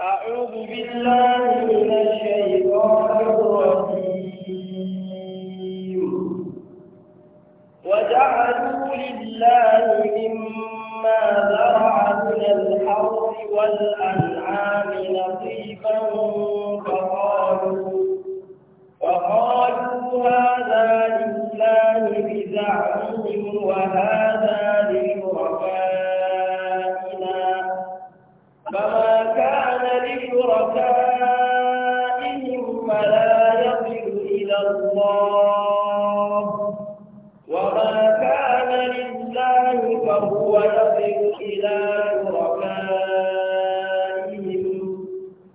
أعوذ بالله من الشيطان الرجيم وجعلوا لله مما زرع من الحرث والأنعام نصيبا فقالوا فقالوا هذا لله بزعمهم وهذا فهو يصل إلى شركائهم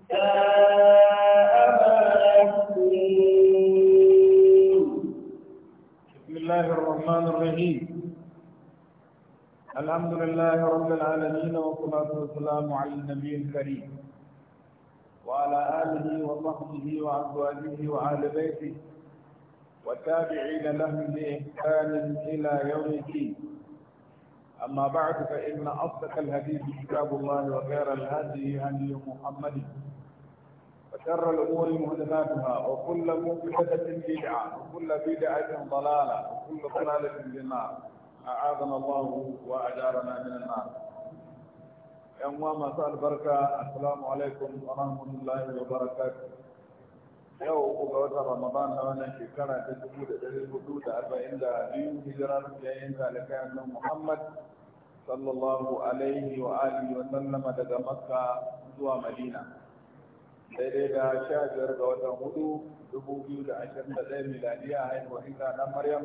ساء ما بسم الله الرحمن الرحيم الحمد لله رب العالمين والصلاة والسلام على النبي الكريم وعلى آله وصحبه وأزواجه وآل بيته والتابعين لهم بإحسان إلى يوم الدين أما بعد فإن أصدق الحديث كتاب الله وخير الهدي هدي محمد وشر الأمور مهدفاتها وكل مهدفة بدعة وكل بدعة ضلالة وكل ضلالة في النار أعاذنا الله وأجارنا من النار يا أمام البركة السلام عليكم ورحمة الله وبركاته yau uku ga wata ramadan na wannan shekara ta dubu da ɗari hudu da arba'in da biyu hijirar yayin zalikai annan muhammad sallallahu alaihi wa alihi wa sallama daga makka zuwa madina daidai da sha biyar ga watan hudu dubu biyu da ashirin da ɗaya miladiya haihuwar isa na maryam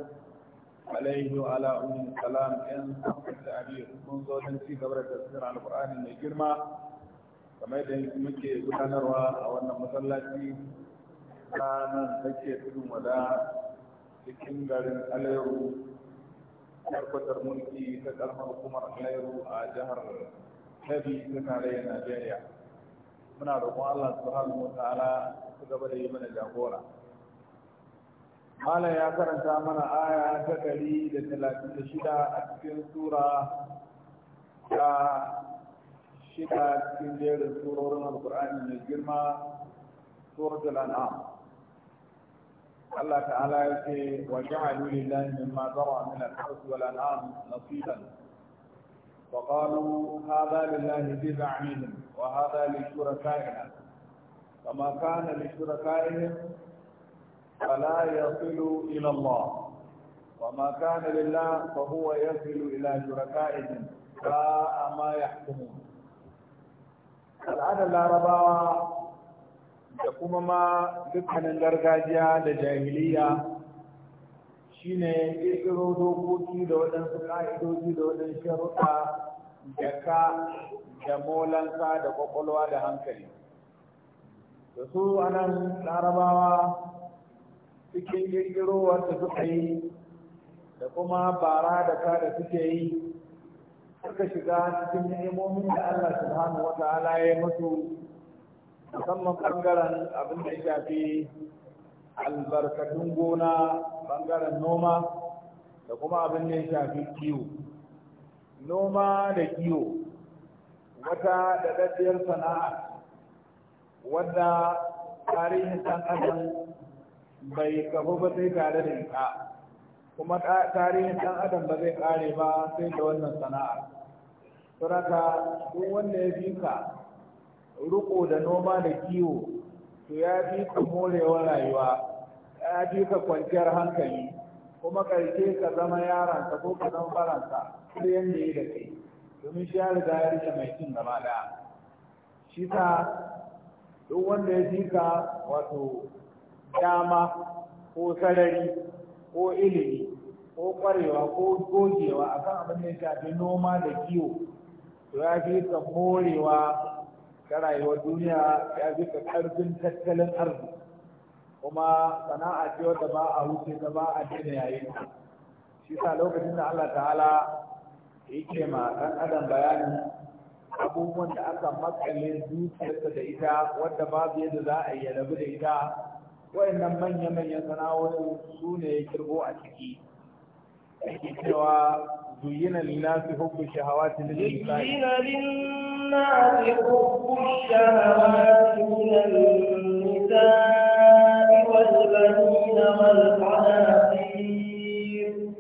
alaihi wa ala ummi salam yan samun da abi mun zo don ci gaba da Al-Qur'ani mai girma kamar da muke gudanarwa a wannan masallaci ranar ke tudu wada cikin garin alayaru tarkwatar mulki ta kalmar hukumar alayaru a jihar kebbi ta tarayyar najeriya muna roƙon allah subhanahu wata ta'ala su gaba da yi mana jagora Malam ya karanta mana aya ta ɗari da talatin da shida a cikin sura ta shida cikin jerin surorin alkur'ani mai girma suratul الأنعام الله تعالى وجعلوا لله مما ذرى من الحرث والانعام نصيبا وقالوا هذا لله بزعمهم وهذا لشركائنا فما كان لشركائهم فلا يصل الى الله وما كان لله فهو يصل الى شركائهم لا ما يحكمون العدل العرباء da kuma ma dukkanin gargajiya da jahiliya shine ƙirƙiro dokoki da waɗansu ƙa'idoji da waɗansu sharuɗa da ka da molansa da ƙwaƙwalwa da hankali da su anan larabawa cikin ƙirƙiro wanda suka yi da kuma bara da ka da suke yi suka shiga cikin ni'imomin da Allah subhanahu wa ta'ala ya musu musamman ɓangaren abin da ya shafi albarkatun gona ɓangaren noma da kuma abin da ya shafi kiwo noma da kiwo wata daɗaɗɗiyar sana'a wadda tarihin ɗan adam bai kafu ba sai tare da ita kuma tarihin ɗan adam ba zai ƙare ba sai da wannan sana'a suraka duk wanda ya fi ka riko da noma da kiwo to ya fi ka morewa rayuwa ya fi ka kwanciyar hankali kuma karshe ka zama yaransa ko ka zama faransa sai yadda ya da kai domin shi ya riga ya rike mai cin gaba da shi ta duk wanda ya fi ka wato dama ko sarari ko ilimi ko kwarewa ko gogewa akan abin da ya shafi noma da kiwo to ya fi ka morewa ta rayuwar duniya ya ka karfin tattalin arziki kuma sana'a ce wata ba a wuce ta ba a daina yayin shi sa lokacin da Allah ta'ala yake ma ɗan adam bayanin abubuwan da aka makale zuciyarsa da ita wadda ba babu yadda za a yi rabu da ita wayannan manya-manyan sana'o'in su ne ya kirgo a ciki yake cewa زين للناس حب الشهوات من النساء زين للناس حب الشهوات من النساء والبنين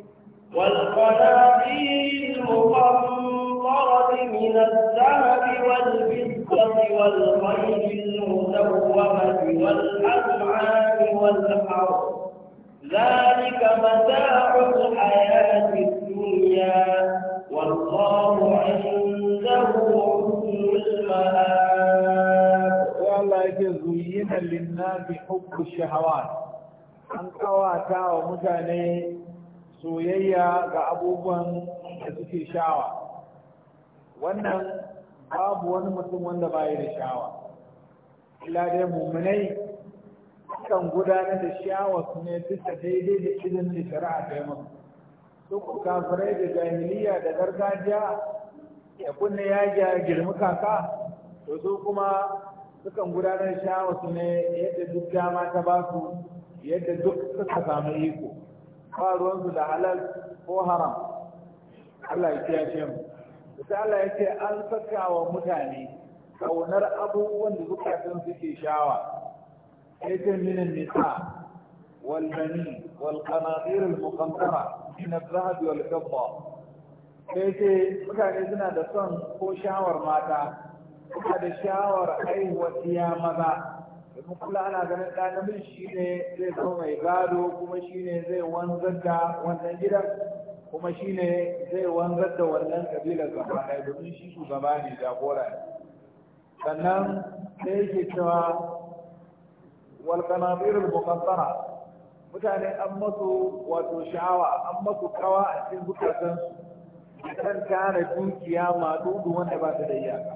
والقناطير والقناطير المقنطرة من الذهب والفضة والخيل المسومة والأنعام والحرث ذلك متاع الحياة الدنيا والله عنده حسن المآب والله يزين للناس حب الشهوات an kawata wa mutane soyayya ga abubuwan da suke shawa wannan babu wani mutum wanda bayi da shawa illa dai mummunai kan gudanar da su ne bisa daidai da izinin da shari'a ta yi masu Duk kafirai da jahiliya da gargajiya ya kunna ya girma kaka to su kuma sukan gudanar da su ne yadda duk dama ta ba su yadda duk suka samu iko ba ruwansu da halal ko haram Allah ya ce mu sai Allah ya ce an saka wa mutane kaunar abubuwan da zukatan suke shawa ليس من النساء والبنين والقناطير المقنطرة من الذهب والفضة ليس كإذن هذا صن shawar شاور ماتا هذا شاور أي وسيا ماذا kuma ana ganin ɗa namiji shi ne zai zama mai gado kuma shi zai wanzar da wannan gidan kuma shi zai wanzar da wannan kabilar gaba ɗaya domin shi shugaba ne jagora ne sannan sai yake cewa wal qanatir al muqattara mutane an masu wato sha'awa an masu kawa a cikin zukatan su kan dukiya ma dudu wanda ba ta da iyaka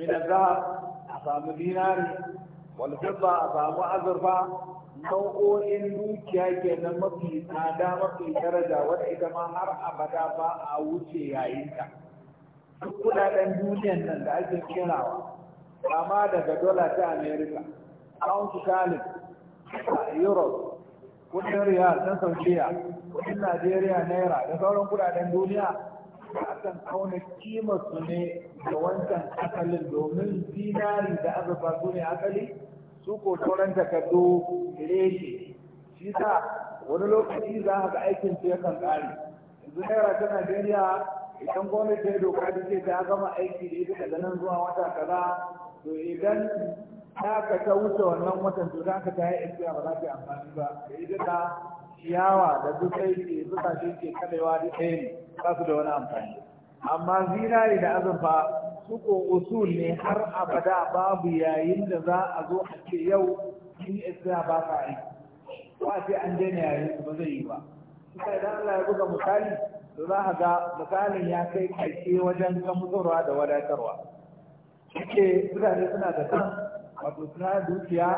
min a samu dinari wal a samu azurfa nau'o'in dukiya kenan mafi tsada mafi daraja wanda ita ma har abada ba a wuce yayinta duk kuɗaɗen duniyan nan da ake kirawa kama daga dola ta america pound a euro kudin riyal na saudiya kudin najeriya naira da sauran kudaden duniya akan auna kima su ne da wancan asalin domin zinari da azurfa su ne asali su ko sauran takardu reshe shi sa wani lokaci za ga aikin su yakan ƙare yanzu naira ta najeriya idan gwamnati ya yi doka ta ce ta gama aiki da ita daga nan zuwa wata kaza to idan haka ta wuce wannan watan to za ka ta yi iska ba za ta amfani ba da yi duka ciyawa da yi ke shi ke kalewa da ɗaya ne ba su da wani amfani amma zinari da azurfa su ko usul ne har abada babu yayin da za a zo a ce yau in iska ba ka yi ko a ce an daina yayin su ba zai yi ba kusa idan Allah ya buga misali to za a ga misalin ya kai kai wajen gamsarwa da wadatarwa. ke mutane suna da kan wato suna dukiya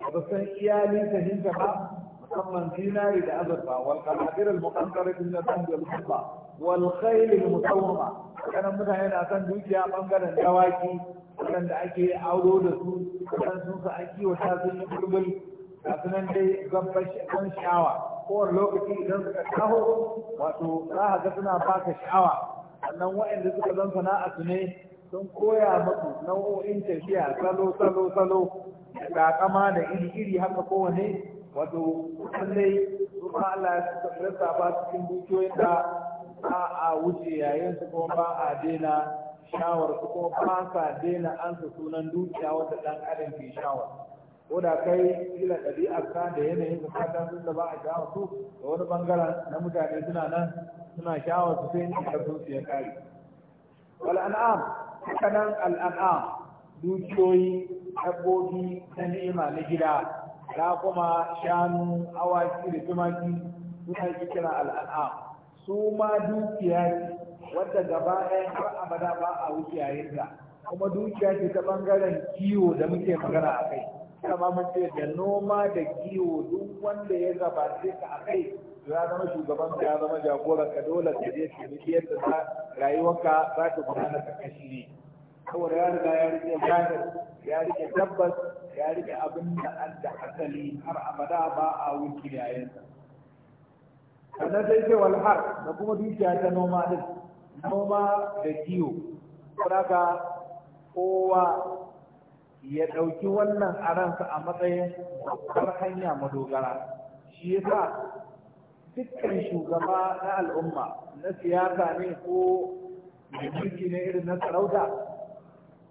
da ba san iyalin sahinta ba musamman zinari da azurfa wal qanadir al muqaddara min al dhahabi wal fidda wal khayl al musawwama kana mutane na san dukiya bangaren dawaki wanda ake auro da su kan sun sa an kiwata sun yi bulbul sunan dai gabban sha'awa kowane lokaci idan suka taho wato za ka ga suna baka sha'awa sannan waɗanda suka zan sana'a su ne sun koya muku nau'o'in tafiya salo salo salo da kama da iri iri haka kowane wato lallai kuma Allah ya ba cikin dukiyoyin da ba a wuce yayin su kuma ba a daina shawar su kuma ba sa daina an su sunan dukiya wata dan adam ke shawar ko da kai kila ɗabi'ar ka da yanayin ka da ba a shawar su da wani bangaren na mutane suna nan suna shawar su sai in karfin su ya kare wal an'am kanan al'an'a dukiyoyi dabbobi ta ni'ima na gida da kuma shanu awaki da tumaki suna yi kira al'an'a su ma dukiya wadda gaba ɗaya har abada ba a wuce yayinta kuma dukiya ce ta ɓangaren kiwo da muke magana a kai kama mace da noma da kiwo duk wanda ya gabace ka a kai ya zama shugaban ka ya zama jagoran ka dole ka je ka yadda za rayuwarka za ta gudana ta kashi ne saboda ya riga ya rike zahir ya rike tabbas ya rike abin da an da asali har abada ba a wuce yayansa sannan sai ce wal har da kuma dukiya ta noma din noma da kiwo saboda kowa ya ɗauki wannan ransa a matsayin babbar hanya madogara shi yasa dukkan shugaba na al'umma na siyasa ne ko mulki ne irin na sarauta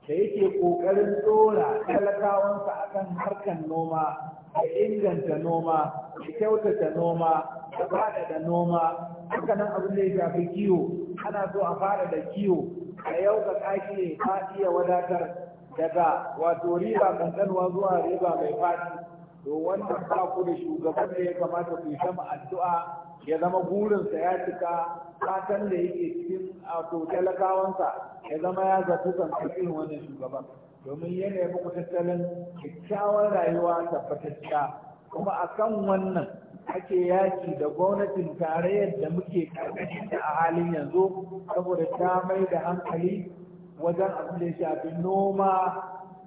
da yake ƙoƙarin tsora talakawansa akan harkan noma da inganta noma da kyautata noma da da noma haka nan abin da ya shafi kiwo ana so a fara da kiwo a yau ka kashi ne ta iya wadatar daga wato riba kankanuwa zuwa riba mai fadi to wanda ba ku da shugaban da ya kamata ku yi sama addu'a ya zama burinsa ya cika fatan da yake cikin to talakawansa ya zama ya zafi kan wannan shugaban domin ya nemi ku tattalin kyakkyawan rayuwa tabbatacciya kuma a kan wannan ake yaki da gwamnatin tarayyar da muke karkashin da a halin yanzu saboda ta mai da hankali wajen abin da ya shafi noma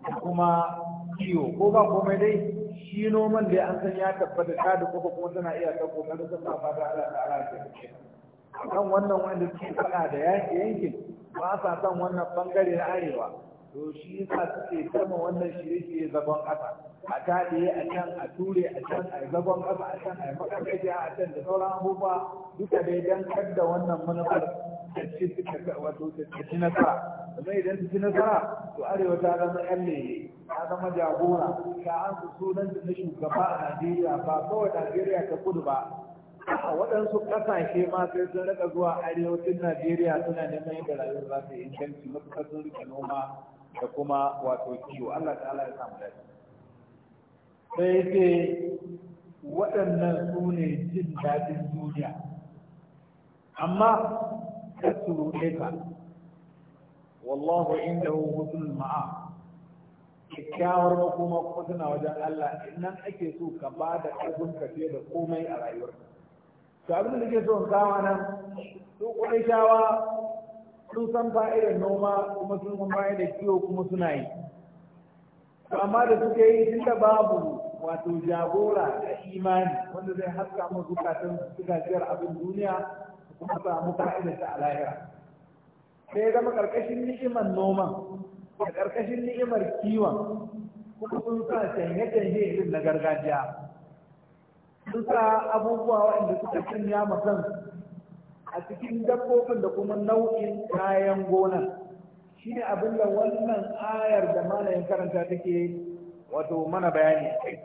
da kuma kiwo ko ba komai dai shi noman da an san ya tabbata ta da kuma kuma tana iya ta kan ta sa fata Allah ta ala ta kan wannan wanda suke faɗa da yaki yankin ba sa san wannan bangare na arewa to shi yasa suke kama wannan shirye-shirye zagon ƙasa a yi a can a ture a can a zagon ƙasa a can a makarkaci a can da sauran abubuwa duka dai don kadda wannan manufar ta ci nasara kuma idan ta ci nasara to arewa ta zama yan ne. zama jagora ka an su sunan da na shugaba a Najeriya ba kawai Najeriya ta kudu ba a waɗansu ƙasashe ma sai sun rika zuwa arewacin Najeriya suna neman yadda rayuwar za su yi inganci matuƙar sun rike noma da kuma wato kiwo Allah ta'ala ya samu dace sai ce waɗannan su ne jin daɗin duniya amma ta surutai ka wallahu indahu husnul ma'a kyakkyawar makoma kuma suna wajen Allah nan ake so ka ba da ƙarfin kafe da komai a rayuwarka to abin da ke so in kama nan su kuɗin shawa sun san fa'idar noma kuma sun san fa'idar kiwo kuma suna yi to amma da suke yi tun da babu wato jagora da imani wanda zai haska mu zukatan zukatiyar abin duniya kuma samu fa'idar ta a lahira sai zama ƙarƙashin ni'imar noman a ƙarƙashin ni'imar kiwon kuma sun sa canje-canje irin na gargajiya sun sa abubuwa waɗanda suka canja ma a cikin dabbobin da kuma nau'in kayan gona shi ne abin da wannan ayar da malayin karanta take wato mana bayani a kai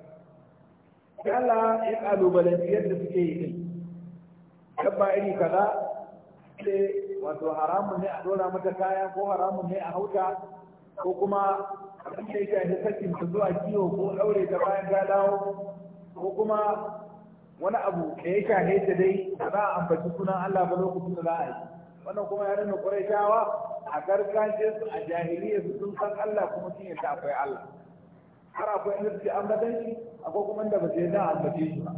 sai Allah ya kalubalanci yadda suke yi din dabba iri kaza sai wato haramun ne a dora mata kaya ko haramun ne a hauta ko kuma abin da ya sakin ta zuwa kiwo ko ɗaure ta bayan ta dawo ko kuma wani abu da ya shafe ta dai ba za a ambaci sunan Allah ba lokacin da za a yi wannan kuma ya nuna ƙurayshawa a gargajiyar su a jahiliya su sun san Allah kuma sun yadda akwai Allah har akwai inda suke ambatan shi akwai kuma inda ba su yadda ambace shi ba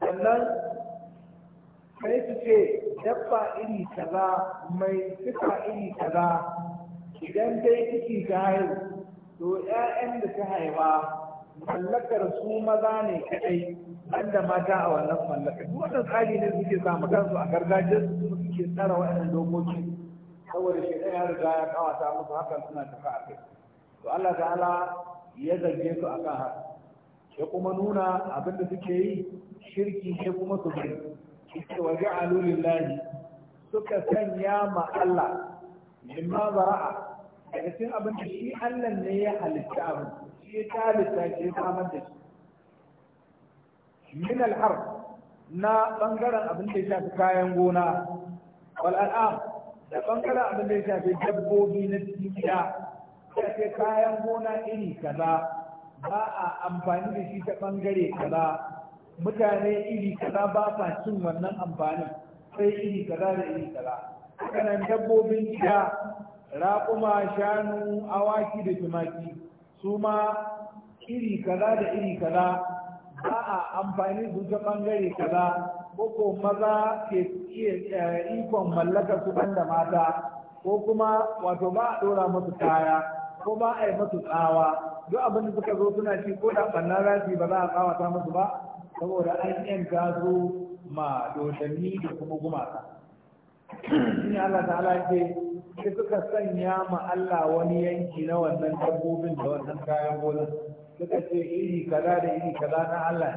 sannan sai su ce dabba iri kaza mai fita iri kaza idan dai ciki ta haihu to ƴaƴan da ta haifa mallakar su maza ne kadai da mata a wannan mallaka duk wannan tsari ne suke samu kansu a gargajiyar su suke tsara waɗannan dokoki saboda shi ya riga ya kawata musu hakan suna tafi a kai to Allah ta'ala ya zarge su akan haka ya kuma nuna abin da suke yi shirki ne kuma su bari ita wa ja'alu lillahi suka sanya ma Allah mimma bara'a daga cikin abin da shi Allah ne ya halitta abin shi ya halitta shi ya samar da shi min al-harf na bangaren abin da ya shafi kayan gona wal da bangaren abin da ya shafi dabbobi na cikin ya ya kayan gona iri kaza ba a amfani da shi ta bangare kaza mutane iri kaza ba sa cin wannan amfanin sai iri kaza da iri kaza hakanan dabbobin gida raƙuma shanu awaki da tumaki su ma iri kaza da iri kaza ba a amfani su ta ɓangare kaza ko maza ke iya eh, ikon mallaka su da mata ko kuma wato ba a ɗora musu kaya ko ba a yi musu tsawa duk abin da suka zo suna ci ko da su rafi ba za a tsawata musu ba saboda an yanka su ma doshanni da kuma gumaka shine Allah ta'ala ce sai suka sanya ma Allah wani yanki na wannan dabbobin da wannan kayan gona suka ce iri kaza da iri kaza na Allah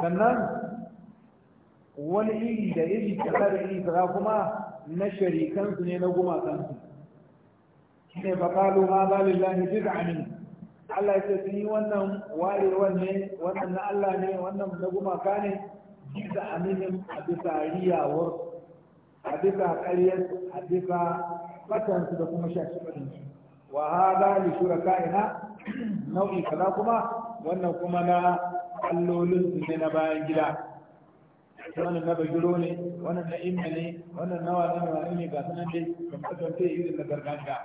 sannan wani iri da iri kaza da iri kaza kuma na sharikansu ne na gumakansu shine fa qalu ma ba lillahi amin Allah ya ce sun yi wannan warewar ne wannan na Allah ne wannan na gumaka ne bisa aminin a bisa riyawar a bisa ƙaryar a bisa fatansu da kuma su wa haɗa ne shura ka'ina nau'i kaza kuma wannan kuma na allolin su ne na bayan gida wannan na bagiro ne wannan na inna ne wannan na wani wani ne ga sanan dai kamfatar ta irin na gargajiya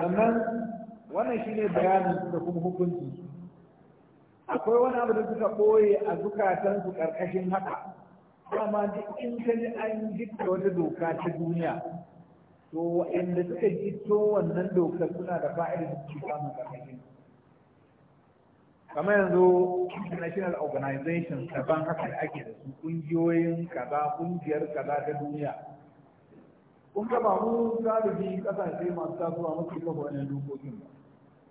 sannan wannan shine bayanin da kuma su. akwai wani abu da suka ɓoye a zukatansu ƙarƙashin haka amma duk in ka an jikta wata doka ta duniya to waɗanda suka jikto wannan doka suna da fa'idar da suke samun ƙarƙashin kamar yanzu international organization daban haka da ake da su ƙungiyoyin kaza ƙungiyar kaza ta duniya kun ga ba mu galibi ƙasashe masu tasowa masu kafa wannan dokokin ba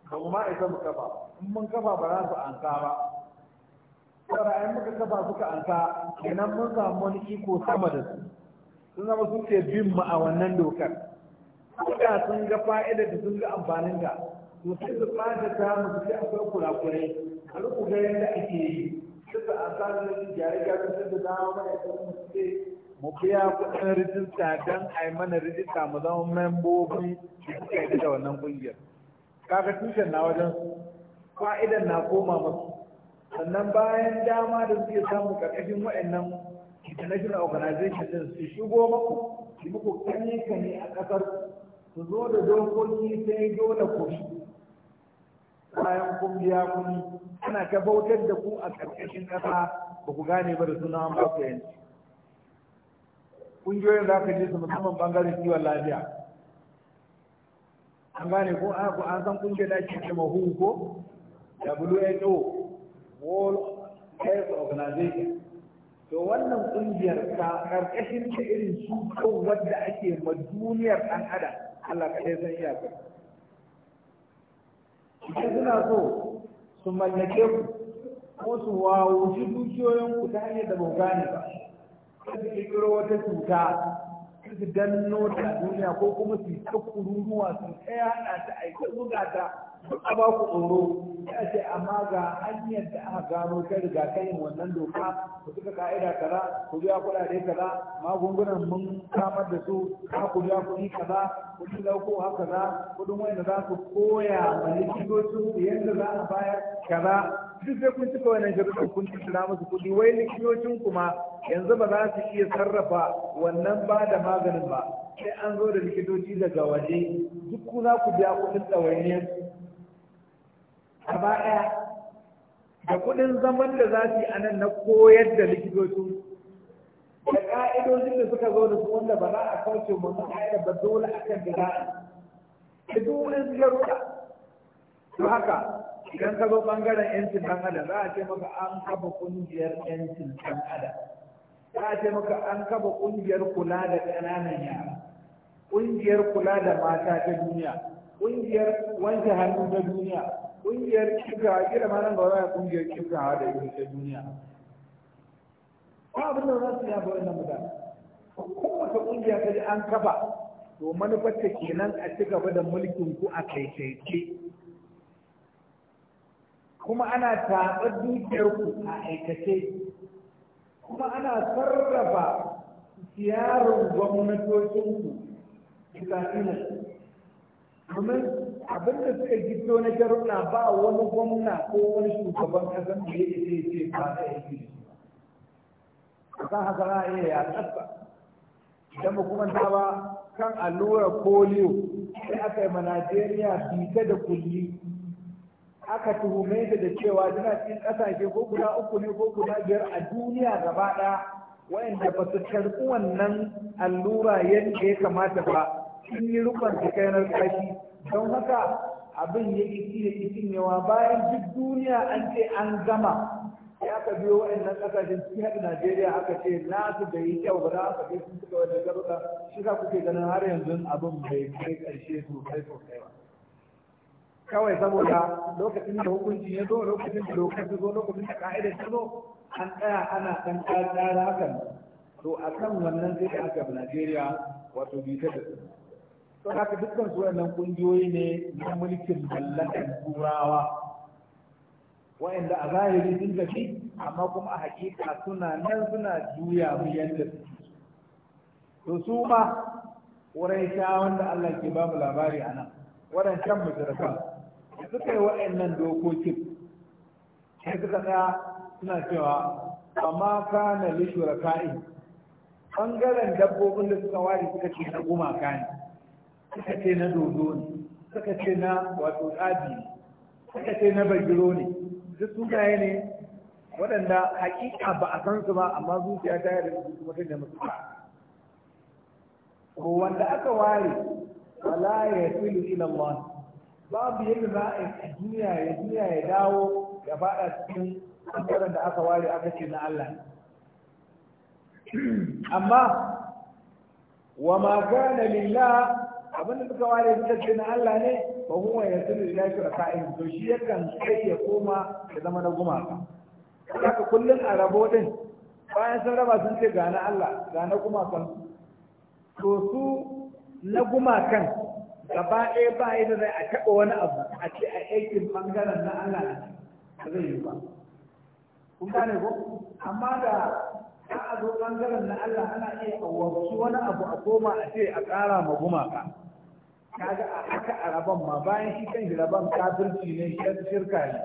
ba mu ma isa mu kafa ba mun kafa ba za su anka ba saboda ai muka kafa suka anka kenan mun samu wani iko sama da su sun zama sun ce bin mu a wannan dokar suka sun ga fa'ida da sun ga amfanin da to sai su fata ta mu sai akwai kurakurai a ruku ga yadda ake yi suka anka ne su gyare gyare sun da zama mana ita mu ce mu biya kuɗin rijista don a yi mana rijista mu zama membobi da suka yi da wannan ƙungiyar kaga tushen na wajen fa'idan na koma masu sannan bayan dama da suke samu ƙarƙashin waɗannan international organization din su shigo maku su muku kanye kanye a ƙasar su zo da dokoki sai dole ku bayan kun biya kuɗi ana ta bautar da ku a ƙarƙashin ƙasa ba ku gane ba da suna ba ku yanci ƙungiyoyin za ka je su musamman ɓangaren kiwon lafiya an gane ko an san ƙungiyar da ake ce mahu ko WHO World Health Organization to wannan kungiyar ta karkashin ta irin su kan wadda ake ma duniyar dan adam Allah kaɗai san ka idan suna so su mallake ku ko su shi dukiyoyin ku ta hanyar da ba gane ba su kiro wata cuta su danno ta duniya ko kuma su ta kururuwa su ta yaɗa ta aikin buga duk a baku tsoro ya ce amma ga hanyar da aka gano ta riga kayin wannan doka ku suka ka'ida kaza ku biya kuɗaɗe kaza magungunan mun samar da su ka ku biya kuɗi kaza kuɗin lauko haka za kuɗin wanda za ku koya ma likitocin su yadda za a bayar kaza duk sai kun cika wannan jirgin kun cika musu kuɗi wai likitocin ku ma yanzu ba za su iya sarrafa wannan ba da maganin ba sai an zo da likitoci daga waje duk kuna ku biya kuɗin ɗawainiyar gaba ɗaya da kuɗin zaman da za su yi a nan na koyar da likitoci da ƙa'idojin da suka zo da su wanda ba za a kauce masu ƙa'ida ba dole a kan da dole a yi duk wani to haka idan ka zo ɓangaren yancin ɗan adam za a ce maka an kafa ƙungiyar yancin ɗan adam za a ce maka an kafa ƙungiyar kula da ƙananan yara ƙungiyar kula da mata ta duniya ƙungiyar wanke hannu ta duniya kungiyar kirka a kira ma nan ba za a kungiyar kirka a da ita ta duniya ba abin da za su yi abu wannan mutane kowace kungiya ta ji an kafa to manufarta kenan a ci gaba da mulkin ku a kaikaice kuma ana taɓa dukiyar ku a aikace kuma ana sarrafa siyarin gwamnatocinku bisa ina domin abin da suka gido na jaruna ba wani gwamna ko wani shugaban kasan da ya ce ce ba na aiki da kan haka za a iya ya tsatsa idan ba kuma ta ba kan allurar polio sai aka yi ma najeriya bita da kulli aka tuhume ta da cewa tana cikin ƙasashe ko guda uku ne ko guda biyar a duniya gaba ɗaya waɗanda ba su karɓi wannan allura yadda ya kamata ba sun yi rukun ta kainar kashi don haka abin ya ƙi ya ƙi cinyewa bayan duk duniya an ce an gama ya aka biyo waɗannan ƙasashen cikin haɗin najeriya aka ce na su da yi kyau ba za a kai sun suka wajen garuka shi ka kuke ganin har yanzu abin bai kai ƙarshe su su kai ba kawai saboda lokacin da hukuncin ya zo lokacin da lokacin zo lokacin da ka'idar ta zo an tsaya ana ɗan ƙara hakan to a kan wannan sai da aka najeriya wato bita da su to haka dukkan su wannan kungiyoyi ne na mulkin mallakan turawa wa'anda a zahiri sun gafi amma kuma a hakika suna nan suna juya mu yadda suke to su ma sha wanda Allah ke ba mu labari a nan waɗancan mushrikan da suka yi wa'annan dokokin sai suka tsaya suna cewa amma kana lishura shuraka'i Ɓangaren dabbobin da suka ware suka ce na gumaka ne suka ce na dodo ne suka ce na wato tsabi ne suka ce na bagiro ne duk sunaye ne waɗanda hakika ba a san su ba amma zuciya ta yi da su mutum da musu ba ko wanda aka ware wala ya filu ila Allah babu yadda za a yi duniya ya duniya ya dawo ya faɗa cikin ɓangaren da aka ware aka ce na Allah amma wa ma gane lillah abin da suka ware suka ce na Allah ne ba kuma ya sulu da shuraka'in to shi yakan kai ya koma ya zama na gumaka haka kullum a rabo din bayan sun raba sun ce ga na Allah ga na gumakan to su na gumakan gaba ɗaya ba da zai a taɓa wani abu a ce a aikin ɓangaren na Allah ne zai yi ba kun gane ko amma da ta a zo ɓangaren na Allah ana iya wasu wani abu a koma a ce a ƙara ma gumaka kaga a haka a rabon ma bayan shi kan rabon kafirci ne shirka ne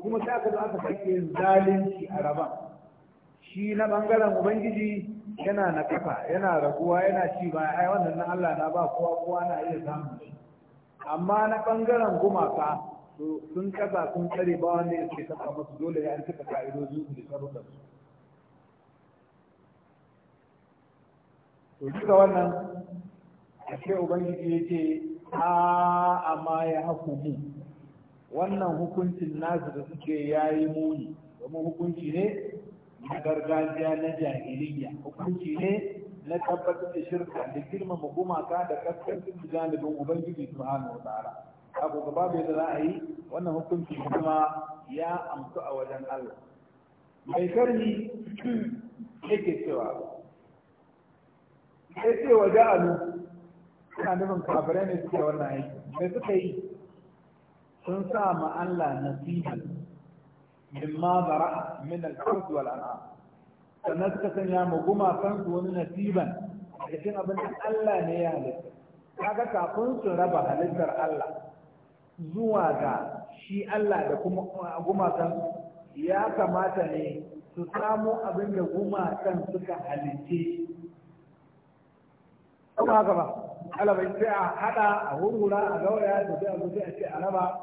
kuma sai aka zo aka sake zalunci a raban shi na bangaren ubangiji yana na kafa yana raguwa yana ci ba ai wannan na Allah na ba kowa kowa na iya samu shi amma na bangaren gumaka sun kasa sun tsare ba wanda ya ce musu dole ya cika ka'idoji da sharuɗa su to duka wannan a ce ubangiji ya ce a amma ya mu. wannan hukuncin nasu da suke yi muni domin hukunci ne na gargajiya na jahiliya hukunci ne na tabbatar da shirka da girmama gumaka da kaskancin janibin ubangiji subhanahu wa tsara abu gaba bai da za a yi wannan hukunci kuma ya amsu a wajen Allah mai karni yake cewa ba. sai ce wa ja'alu suna nufin kafirai ne suke wannan aiki sai suka yi sun sa ma Allah nasiha mimma zara'a min al-ard wal an'am sannan suka sanya mu gumakan su wani nasiban da cikin abin da Allah ne ya halitta kaga kafin su raba halittar Allah zuwa ga shi Allah da kuma gumakan ya kamata ne su samu abin da gumakan suka halitte. Kuma haka ba, alabai sai a haɗa a hurhura a gauraya da sai a zo sai a ce a raba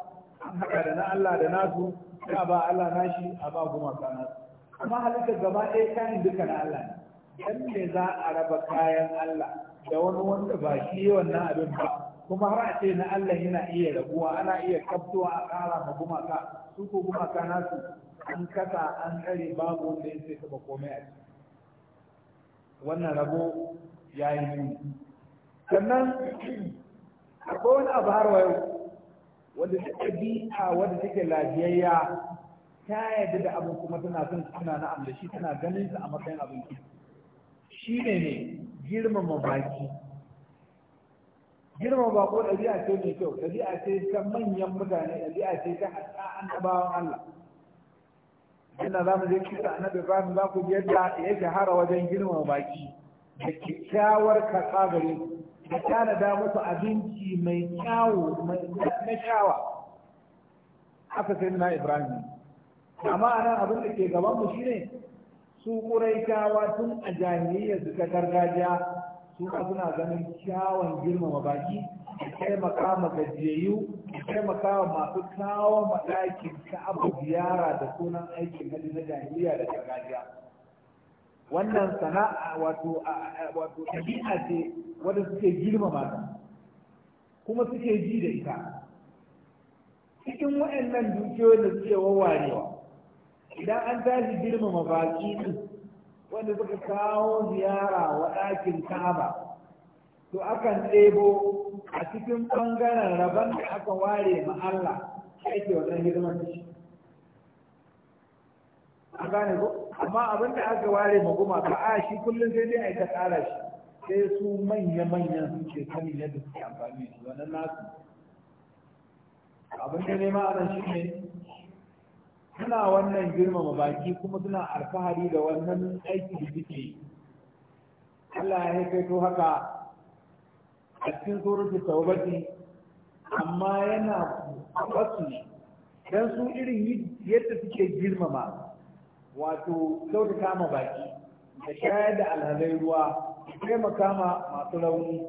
an haɗa da na Allah da nasu sai a ba Allah nashi a ba gumaka nasu amma halitta gaba ɗaya kayan duka na Allah ne dan me za a raba kayan Allah da wani wanda ba shi wannan abin ba kuma har a ce na Allah yana iya rabuwa ana iya kaftowa a kara ma gumaka su ko gumaka nasu an kasa an tsare babu wanda ya sai taɓa komai a ciki wannan rabo ya yi nuni sannan akwai wani abu har wayo wanda ta ɗabi'a wadda take lafiyayya ta yadda da abin kuma tana son suna na amma shi tana ganin sa a matsayin abinci shi ne ne girmama baki girmama bako ɗabi'a ce mai kyau ɗabi'a ce ta manyan mutane ɗabi'a ce ta hatta tabawan Allah ina za mu je kisa annabi Ibrahim za ku yadda ya shahara wajen girmama baki da kyakkyawar katsa gare da tanada musu abinci mai kyawu na shawa haka sai na ibrahim amma a abin da ke gaban mu shine su kuraitawa tun a jahiliya suka gargajiya su ka suna ganin kyawun girmama baki da taimaka ma gajiyayyu da taimaka masu kawo maɗakin abu ziyara da sunan aikin hali na jahiliya da gargajiya wannan sana'a wato wato tabi'a ce wanda suke girmama ta kuma suke ji da ita cikin waɗannan dukiyoyin da suke wawarewa idan an tashi girmama baki din wanda suka kawo ziyara wa ɗakin kaba to akan ɗebo a cikin ɓangaren rabon da aka ware ma Allah ake wannan hidimar shi an gane ko amma abin da aka ware ma gumaka a shi kullum sai dai a yi ta tsara shi sai su manya-manyan suke sanin yadda suke amfani da wannan nasu abin da nema a nan shi ne suna wannan girmama baki kuma suna alfahari da wannan aiki da suke yi Allah ya to haka a cikin suratul tawbati amma yana kwatsu ne dan su irin yadda suke girmama wato kyautata ma baki da shayar da alhalai ruwa taimaka ma masu rauni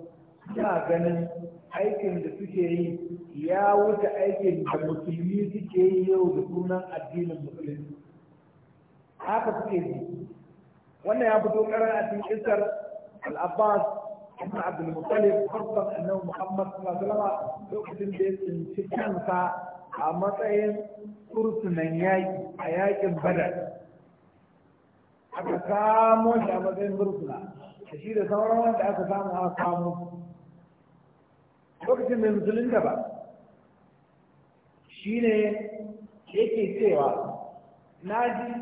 suna ganin aikin da suke yi ya wuce aikin da musulmi suke yi yau da sunan addinin musulmi haka suke yi wannan ya fito karar a cikin isar al-abbas ibn abdul muttalib farkon annabi muhammad sallallahu alaihi wasallam lokacin da ya tsinci kansa a matsayin kursunan yaki a yaƙin badar aka kamo shi a matsayin burkuna da shi da sauran wanda aka samu a kamo lokacin mai Musulun da ba shi ne yake cewa na ji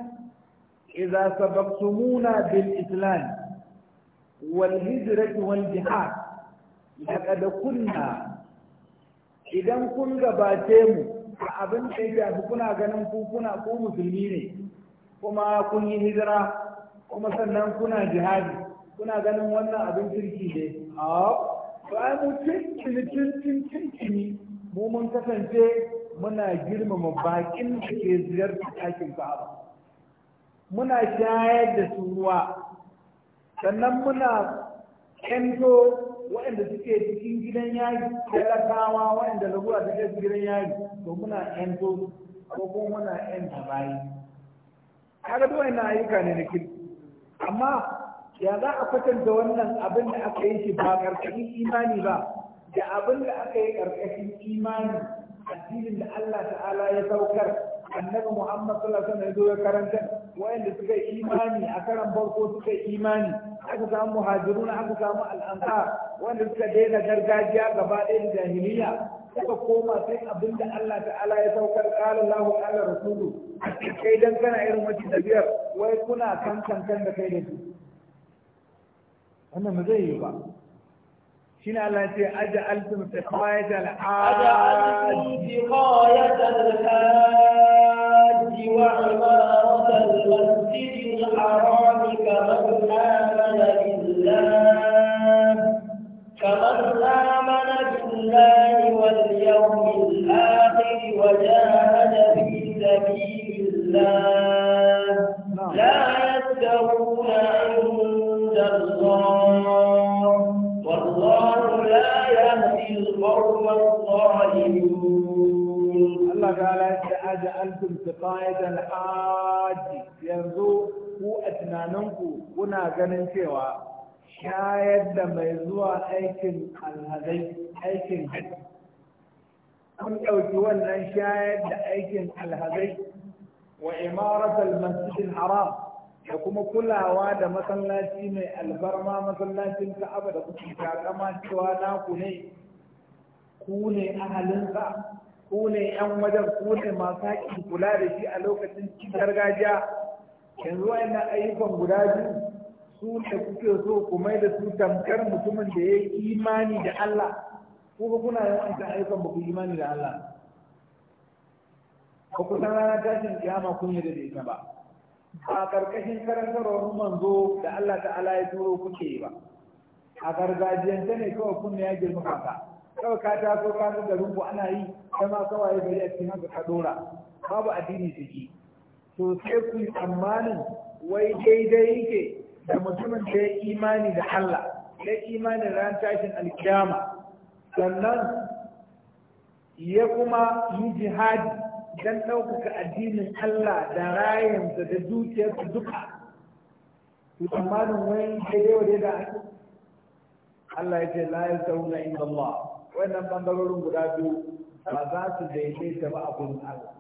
iza sababtumuna bil islam wal hijrati wal jihad laqad kunna idan kun gabace mu a abin da yake kuna ganin ku kuna ko musulmi ne kuma kun yi hijira kuma sannan kuna jihadi kuna ganin wannan abin kirki ne a to ai mu cincin cincin mu mun kasance muna girmama bakin da ke ziyartar ɗakin Ka'aba muna shayar da su ruwa sannan muna kento waɗanda suke cikin gidan yari talakawa waɗanda lagura suke cikin gidan yari to muna kento ko kuma muna yan bayi kaga to ina ayyuka ne na kin amma ya za a kwatanta wannan abin da aka yi shi ba ƙarƙashin imani ba da abin da aka yi ƙarƙashin imani addinin da Allah ta'ala ya saukar annabi Muhammad sallallahu alaihi wasallam ya zo ya karanta wayanda suka yi imani a karan farko suka yi imani aka samu muhajiruna aka samu al'ansar wanda suka daina gargajiya gaba ɗaya da jahiliya suka koma sai abin da Allah ta'ala ya saukar kala Allahu kala rasulu kai dan kana irin wace tabiyar wai kuna kan kan da kai da su wannan ba zai yi ba shine Allah ya ce aja'altum tiqayat al-hajj tiqayat al-hajj wa imarat al-masjid al-haram kaman amana billah فمن آمن بالله واليوم الآخر وجاهد في سبيل الله لا يستوون عند الله والله لا يهدي القوم الظالمون الله تعالى أجعلتم سقاية الحاج ينظر ku a tunaninku kuna ganin shayar da mai zuwa aikin alhazai aikin hajji kun ɗauki wannan shayar da aikin alhazai wa imaratul masjidil haram da kuma kulawa da masallaci mai albarma masallacin ka'aba da kuke takama cewa ku ne ku ne ahalinsa ku ne yan wajen ku ne masu haƙƙin kula da shi a lokacin gargajiya yanzu wa'annan ayyukan guda biyu su ne kuke so ku mai da su tamkar mutumin da ya yi imani da Allah ko ba kuna yawan ta ayyukan ba ku imani da Allah ba ku san ranar tashin kiyama kun yi da ita ba a karkashin karantarwar manzo da Allah ta'ala ya turo kuke ba a gargajiyance ne kawai kun ya girma kaka kawai ka taso ka ga garin ku ana yi kama kawai gari a cikin haka ka dora babu addini ciki to sai ku yi tsammanin wai daidai yake da mutumin da ya imani da Allah ya imani ran tashin alkiyama sannan ya kuma yi jihadi don ɗaukaka addinin Allah da rayansa da zuciyarsa duka su tsammanin wani daidai wa daidai Allah ya ce la ya zauna inda Allah wannan bangarorin guda biyu ba za su daidaita ba a gurin Allah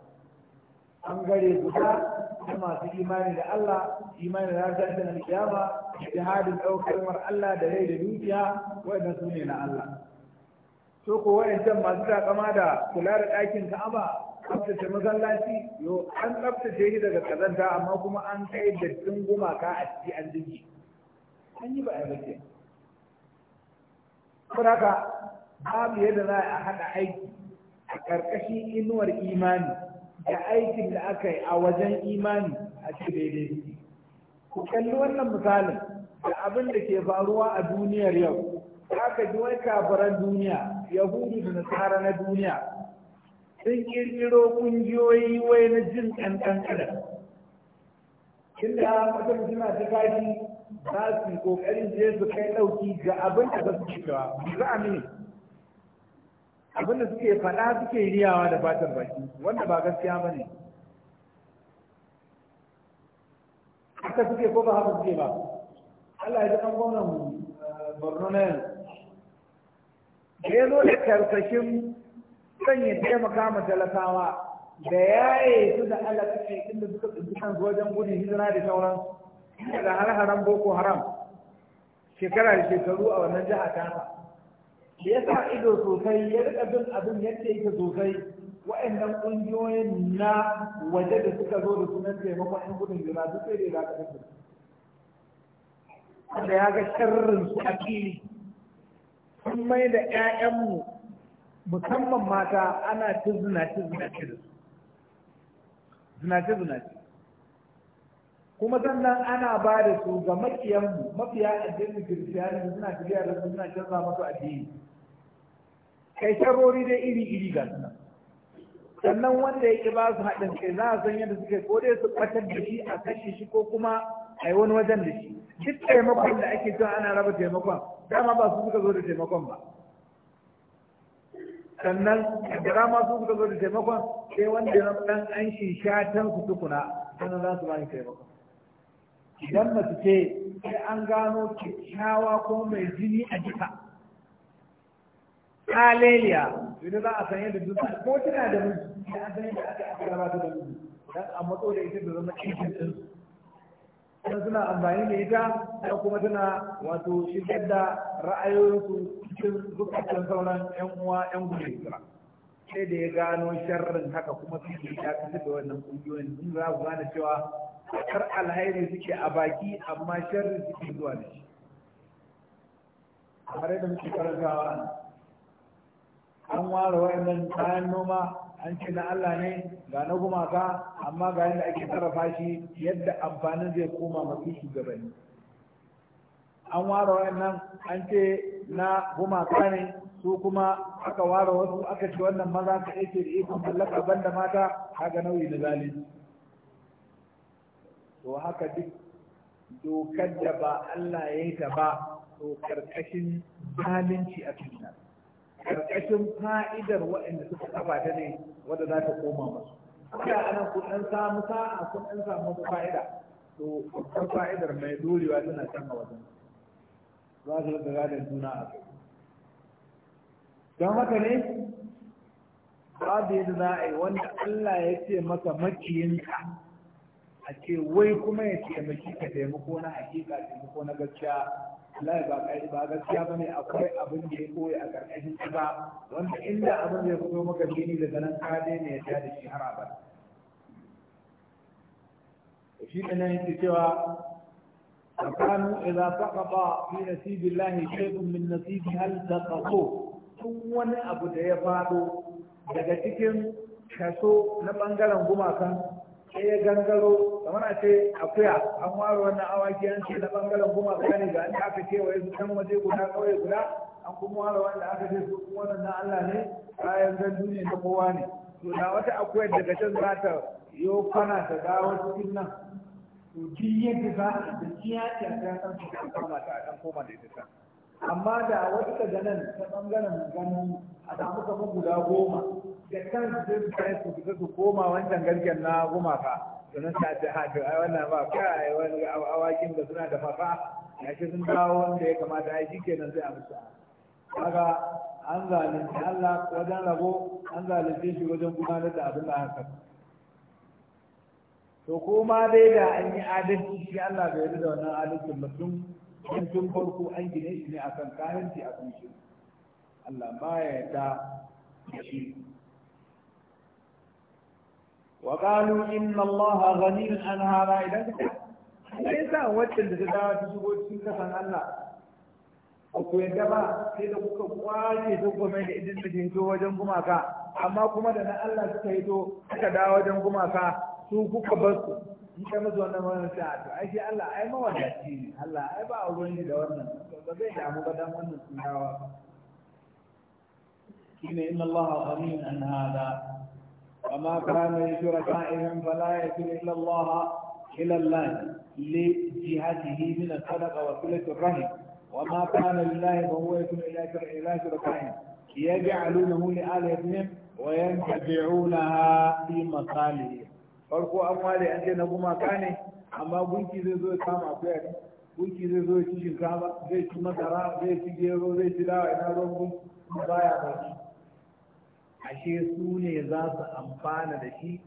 an gare guda da masu imani da Allah imani da ranar da alkiyama jihadin ɗaukar mar Allah da rai da dukiya waɗanda su ne na Allah so ko waɗancan masu takama da kula da ɗakin Ka'aba tsaftace masallaci yo an tsaftace shi daga kazanta amma kuma an kai dattin gumaka a ciki an jiki an yi ba a bace haka babu yadda za a haɗa aiki a ƙarƙashin inuwar imani da aikin da aka yi a wajen imani a ce daidai ku kalli wannan misalin da abin da ke faruwa a duniyar yau aka ji wai kafaran duniya yahudu da nasara na duniya sun kirkiro kungiyoyi wai na jin ɗanɗan adam inda mutum suna ta kashi za su yi ƙoƙarin je su kai ɗauki ga abin da ba su shiga. za a abinda suke faɗa suke riyawa da fatan baki wanda ba gaskiya ba ne haka suke ko ba haka suke ba Allah ya ji gwamnan eh, Borno na yanzu da ya zo da karkashin sanya taimaka ma talakawa da yaye su da Allah suke inda suka tsinci kansu wajen gudun hijira da sauran da har haram boko haram shekara da shekaru a wannan jiha ta ya sa ido sosai ya rika bin abin yadda yake sosai wa'annan ƙungiyoyin na waje da suka zo da sunan taimakon yan gudun jira duk sai da ya zaka su wanda ya ga sharrin su a fili sun mai da 'ya'yanmu musamman mata ana ci zinace zinace da su zinace zinace kuma sannan ana ba da su ga makiyanmu mafiya addinin kiristiyani suna tafiya da suna canza masu addini kai sharori dai iri iri ga suna sannan wanda yake ba su haɗin kai za a san yadda suke ko dai su ɓatar da shi a kashe shi ko kuma a yi wani wajen da shi duk taimakon da ake cewa ana raba taimakon dama ba su suka zo da taimakon ba sannan kaddara ma su suka zo da taimakon sai wanda ya ɗan an shi shatan su tukuna sannan za su ba ni taimakon idan mace ce sai an gano kyakkyawa ko mai jini a jika kaleliya yadda za a san yadda duk ko tana da miji sai an san yadda aka aka gabata da miji dan a matso da ita da zama cikin ɗin sannan suna amfani da ita sai kuma tana wato shigar da ra'ayoyinsu cikin zukatan sauran yan uwa yan gudun sai da ya gano sharrin haka kuma sun yi ta fitar da wannan kungiyoyin sun za ku gane cewa kar alhairi suke a baki amma sharrin suke zuwa da shi kamar yadda muke karantawa an ware wayannan kayan noma an ce na Allah ne ga na gumaka amma ga yadda ake sarrafa shi yadda amfanin zai koma masu shugabanni an ware wayannan an ce na gumaka ne su kuma aka ware wasu aka ce wannan maza ka ake da ikon mallaka banda mata haka nauyi na zalunci to haka duk dokar da ba Allah ya yi ta ba to karkashin zalunci a cikin karkashin fa'idar waɗanda suka kafa ta ne wadda za ta koma masu kuma ana kun ɗan samu sa'a kun ɗan samu wata fa'ida to wata fa'idar mai dorewa tana can a wajen za su da zalunci juna a kai don haka ne babu yadda za a yi wanda Allah ya ce maka makiyinka a ce wai kuma ya taimaki ka taimako na hakika taimako na gaskiya Allah ba kai ba gaskiya ba ne akwai abin da ya koya a ƙarƙashin ka ba wanda inda abin da ya fito maka gini daga nan ka daina ya da shi har abar shi ne nan yake cewa فكانوا إذا سقط في نسيب الله شيء من ta التقطوه Tun wani abu da ya faɗo daga cikin kaso na ɓangaren gumakan sai ya gangaro da mana ce akuya an ware wannan awaki an ce na ɓangaren gumakan ne ga an aka ce wa yanzu can waje guda kawai guda an kuma ware wanda aka ce su kuma na Allah ne kayan zan duniya na kowa ne to da wata akuyar daga can za ta yi kwana ta dawo cikin nan to duk yadda za a da kiyaye a ta san su kan kama ta a kan koma da ita amma da wata daga nan ta bangaren ganin a samu kamar guda goma da kan su sai su fita su koma wancan garken na gumaka sannan ta ce ha to ai wannan ba kai wani awakin da suna da fafa ya ce sun dawo wanda ya kamata ai shi kenan sai a musu kaga an zalunci Allah wajen rabo an zalunce shi wajen gudanar da abin da aka to ko ma dai da an yi adalci shi Allah bai yi da wannan adalcin mutum don tun farko an gine shi ne akan kayanci a kan shi Allah ba ya yarda da shi wa qalu inna Allah ghaniyun an hada idan sai sa waccan da ta dawo ta shigo cikin kasan Allah ko ku yadda ba sai da kuka kwace ta kuma da idan da hito wajen gumaka amma kuma da na Allah suka hito suka dawo wajen gumaka su kuka bar su in ka musu wannan wani sai to ai shi Allah ai mawadaci ne Allah ai ba a wurin da wannan ba zai damu ba dan wannan tsayawa shine inna Allah ghaniyun an hada kama kana yushraka'ihim fala yakun illa Allah ila Allah li jihatihi min al-sadaqa wa silati ar-rahim وما كان لله فهو يكون إلى شركائهم يجعلونه لآلهتهم وينتبعونها في مصالحهم farko an ware an ce na gumaka ne amma gunki zai zo ya kama akuya gunki zai zo ya ci shinkafa zai ci masara zai ci gero zai ci dawa ina ruwan gunki baya baki ashe su ne za su amfana da shi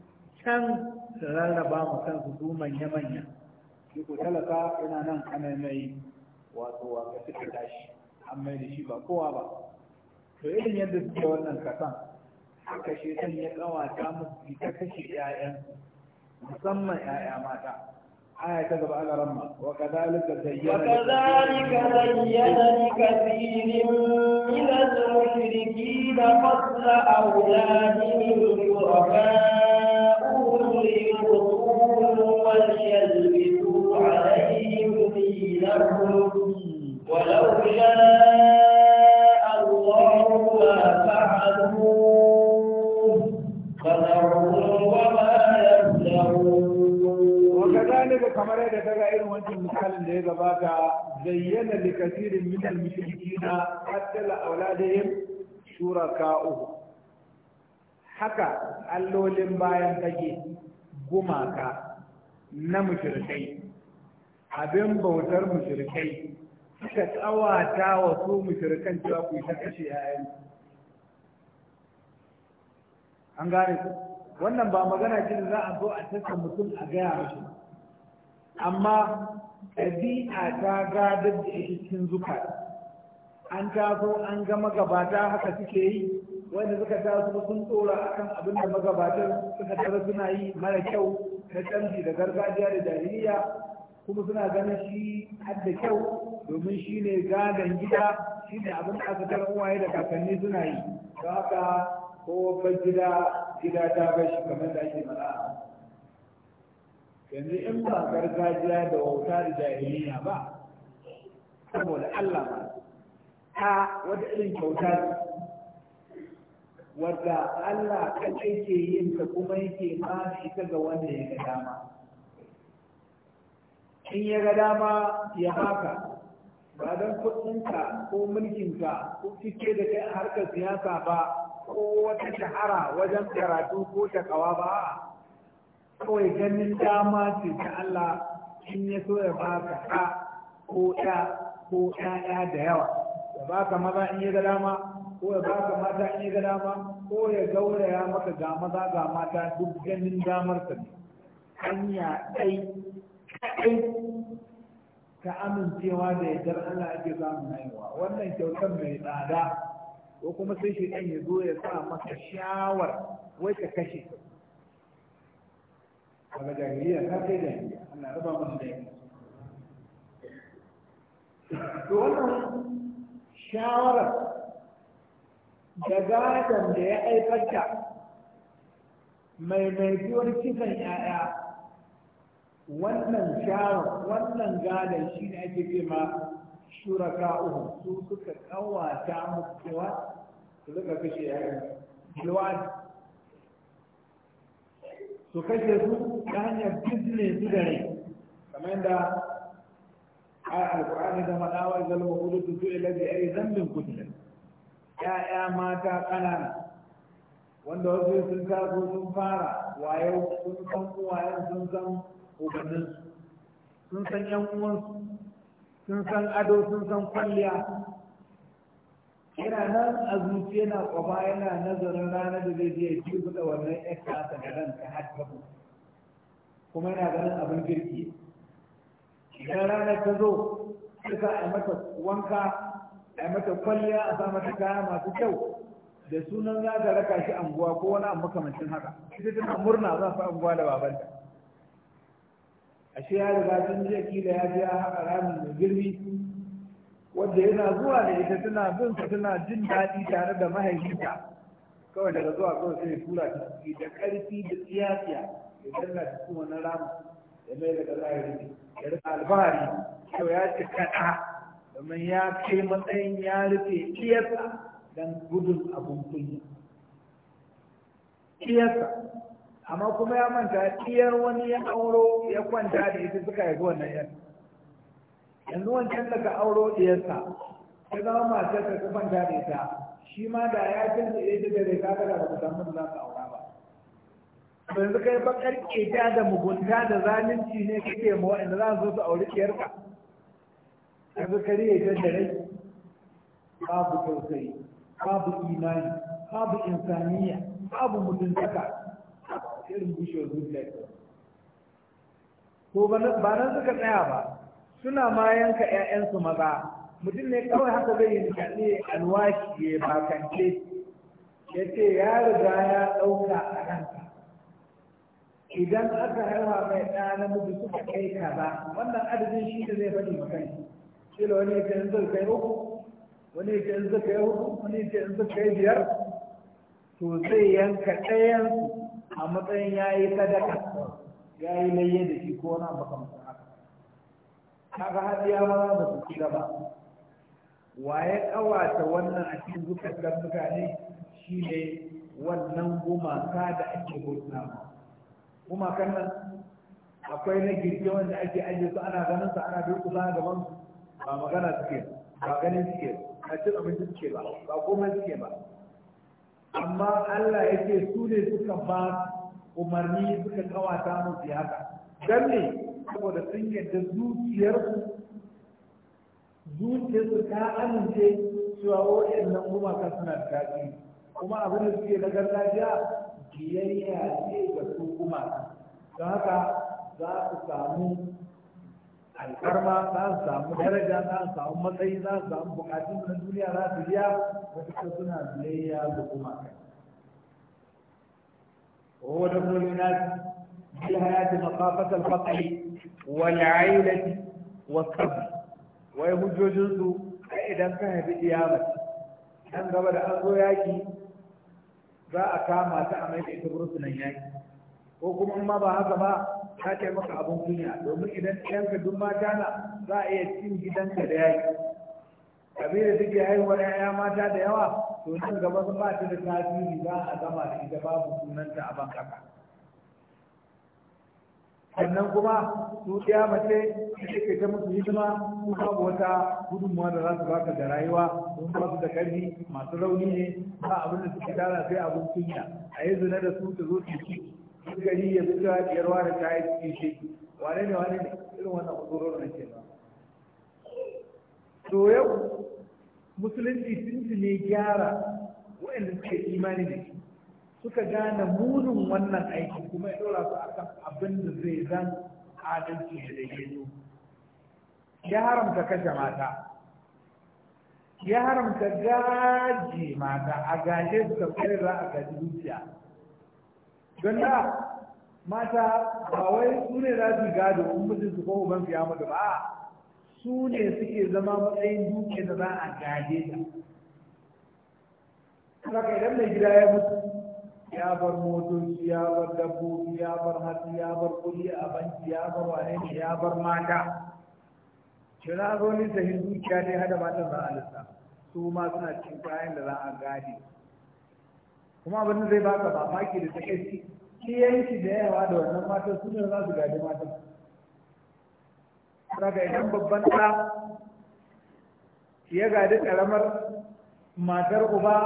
can su rarraba mu kan su manya-manya shi ko talaka ina nan ana mai wato waka suka tashi an mai da shi ba kowa ba to irin yadda suke wannan kasan haka shi ya kawata musu ita kashe 'ya'yansu musamman ‘ya'ya mata aya ta gaba ana ramma wa kadhalika zayyana li kathirin min al-mushrikeen qatla awladihim shurakaa'uhum liyudhurruhum wa liyalbisu 'alayhim dinahum ولو شاء kamar yadda ta ga irin wancan misalin da ya gabata zayyana da kasirin min al mushrikina qatala auladihim shuraka'u haka allolin bayan take gumaka na mushrikai abin bautar mushrikai suka tsawata wa su mushrikan cewa ku ta kashe yayan an gane ku wannan ba magana ce za a zo a tasa mutum a gaya mashi amma ɗabi'a ta gadar da cikin zuka an taso an ga magabata haka suke yi wanda suka taso sun tsora kan abin da magabatan suka tara suna yi mara kyau ta canji da gargajiya da jahiliya kuma suna ganin shi hadda kyau domin shi ne gadon gida shi ne abin da aka tara uwaye da kakanni suna yi ta haka ko gida ta bai shi kamar da ake mala'a yanzu in ba gargajiya da wauta da jahiliya ba saboda Allah ba ta wata irin kyauta wadda Allah kaɗai ke yin ta kuma yake ba ita ga wanda ya ga dama in ya ga dama ya haka ba don kuɗinka ko mulkinka ko cike da kai harkar siyasa ba ko wata shahara wajen karatu ko takawa ba kawai ganin dama ce ta Allah in ya so ya baka a ko ya ko ɗaya da yawa ya baka maza in ya ga dama ko ya baka mata in ya ga dama ko ya gauraya maka ga maza ga mata duk ganin damar sa ne hanya dai kai ta amincewa da yadda Allah ake samun haihuwa wannan kyautar mai tsada ko kuma sai shi ɗan ya zo ya sa maka shawar wai ka kashe kaga jahiliya ta kai jahiliya Allah raba musu da yanzu to wannan shawarar da gadon da ya aikar da mai mai kisan 'ya'ya wannan shawarar wannan gadon shi ne ake ce ma shuraka uku su suka kawata mutuwa su suka kashe yayin bilwadi su kashe su ta hanyar bizne su da rai kamar yadda a alkur'ani da madawa zalma hudu su su ilaji a yi zambin kutulan ya'ya mata ƙanana wanda wasu sun taso sun fara wayo sun san uwayen sun san ubanninsu sun san yan uwansu sun san ado sun san kwalliya yana nan a zuci yana kwaba yana nazarin ranar da zai je ji ci buɗe wannan ya a da ta har kuma yana ganin abin girki idan ranar ta zo suka a mata wanka a mata kwalliya a sa mata kaya masu kyau da sunan za ta raka shi anguwa ko wani abu makamancin haka ita tana murna za su anguwa da babanta ashe ya riga sun je kila ya je haka ramin mai girbi wanda yana zuwa da ita tana bin sa tana jin daɗi tare da mahaifinta kawai daga zuwa kawai sai tura ta ciki da ƙarfi da tsiyafiya ya danna cikin na rama ya mai daga zahiri ya rika albahari kyau ya ci kaɗa domin ya kai matsayin ya rufe ƙiyarsa don gudun abun kunya ƙiyarsa amma kuma ya manta ƙiyar wani ya auro ya kwanta da ita suka haifi wannan yanzu yanzu wancan da ka auro ɗiyarsa ta zama yadda ka kafan da ita shi ma da ya canza ita da dai ka kada ba samun da za ka aura ba yanzu kai bakar keta da mugunta da zalunci ne kake ma wa'anda za su su auri ɗiyarka yanzu kare ya da rai babu tausayi babu imani babu insaniya babu mutuntaka irin bushewar zuciya ko ba nan suka tsaya ba suna ma yanka 'ya'yansu maza mutum ne kawai haka zai yi nikaɗe alwashi ya bakance ya ce ya riga ya ɗauka a ranka idan aka haifa mai ɗa namiji suka kai kaza wannan adadin shi da zai faɗi makai shi da wani yake in zai kai uku wani yake in zai kai huɗu wani yake in zai kai biyar to zai yanka ɗayan a matsayin ya yi sadaka ya yi layyar da shi ko na baka kaga ya ma ba su kira ba waye kawata wannan a cikin zukatan mutane shine wannan gumaka da ake bauta gumakan nan akwai na girke wanda ake aje su ana ganin su ana durkusa gaban ba magana suke ba ganin suke ba cin abinci suke ba ba komai suke ba amma Allah ya ce su ne suka ba umarni suka kawata musu haka dan ne saboda sun yadda zuciyarsu zuciyarsu ta amince cewa kuma gumaka suna da daɗi kuma abin da suke na gargajiya biyayya ce ga su gumaka don haka za su samu alfarma za su samu daraja za su samu matsayi za su samu bukatun na duniya za su biya wata suna biyayya ga gumaka. Wadda kuma بالهلاك مخافة الفقر والعيلة والكبر ويهجو جنسو إذا انتهى بالقيامة أن قبل أن ياكي za a kama ta a mai da ita rusunan yaki ko kuma ba haka ba ta ce maka abin kunya domin idan ɗayanka duk mata na za a iya cin gidanka da yaki kabila take haihuwar 'ya'ya mata da yawa to nan gaba ba ta da tasiri za a zama da ita babu sunanta a ban sannan kuma su ɗaya mace da ke ta musu hidima su babu wata gudunmuwa da za su baka da rayuwa sun ba su da karfi masu rauni ne ba abin da suke tara sai abin kunya a yi zina da su ta zo su ci su gari ya fi ta biyarwa da ta yi cikin shi wane ne wane ne irin wannan kusurar na ke ba to yau musulunci sun ne gyara waɗanda suke imani da shi suka gane munin wannan aiki kuma ya ɗora su akan abin da zai zan adalci da daidaito ya haramta kashe mata ya haramta gaji mata a gaje su da kai za a gaji dukiya don da mata ba wai su za su gado in mutum su ko ban fiya mutu ba su suke zama matsayin dukiya da za a gaje ta. Saka idan mai gida ya mutu ya bar motoci ya bar dabbobi ya bar hatsi ya bar kuɗi a banki ya bar wane ne ya bar mata na zo ni sahin zuciya ne hada matan za a lissa su ma suna cikin kayan da za a gadi kuma abin zai baka mamaki da ta kai yanki da yawa da wannan matan su ne za su gadi matan daga idan babban ɗa ya gadi ƙaramar matar uba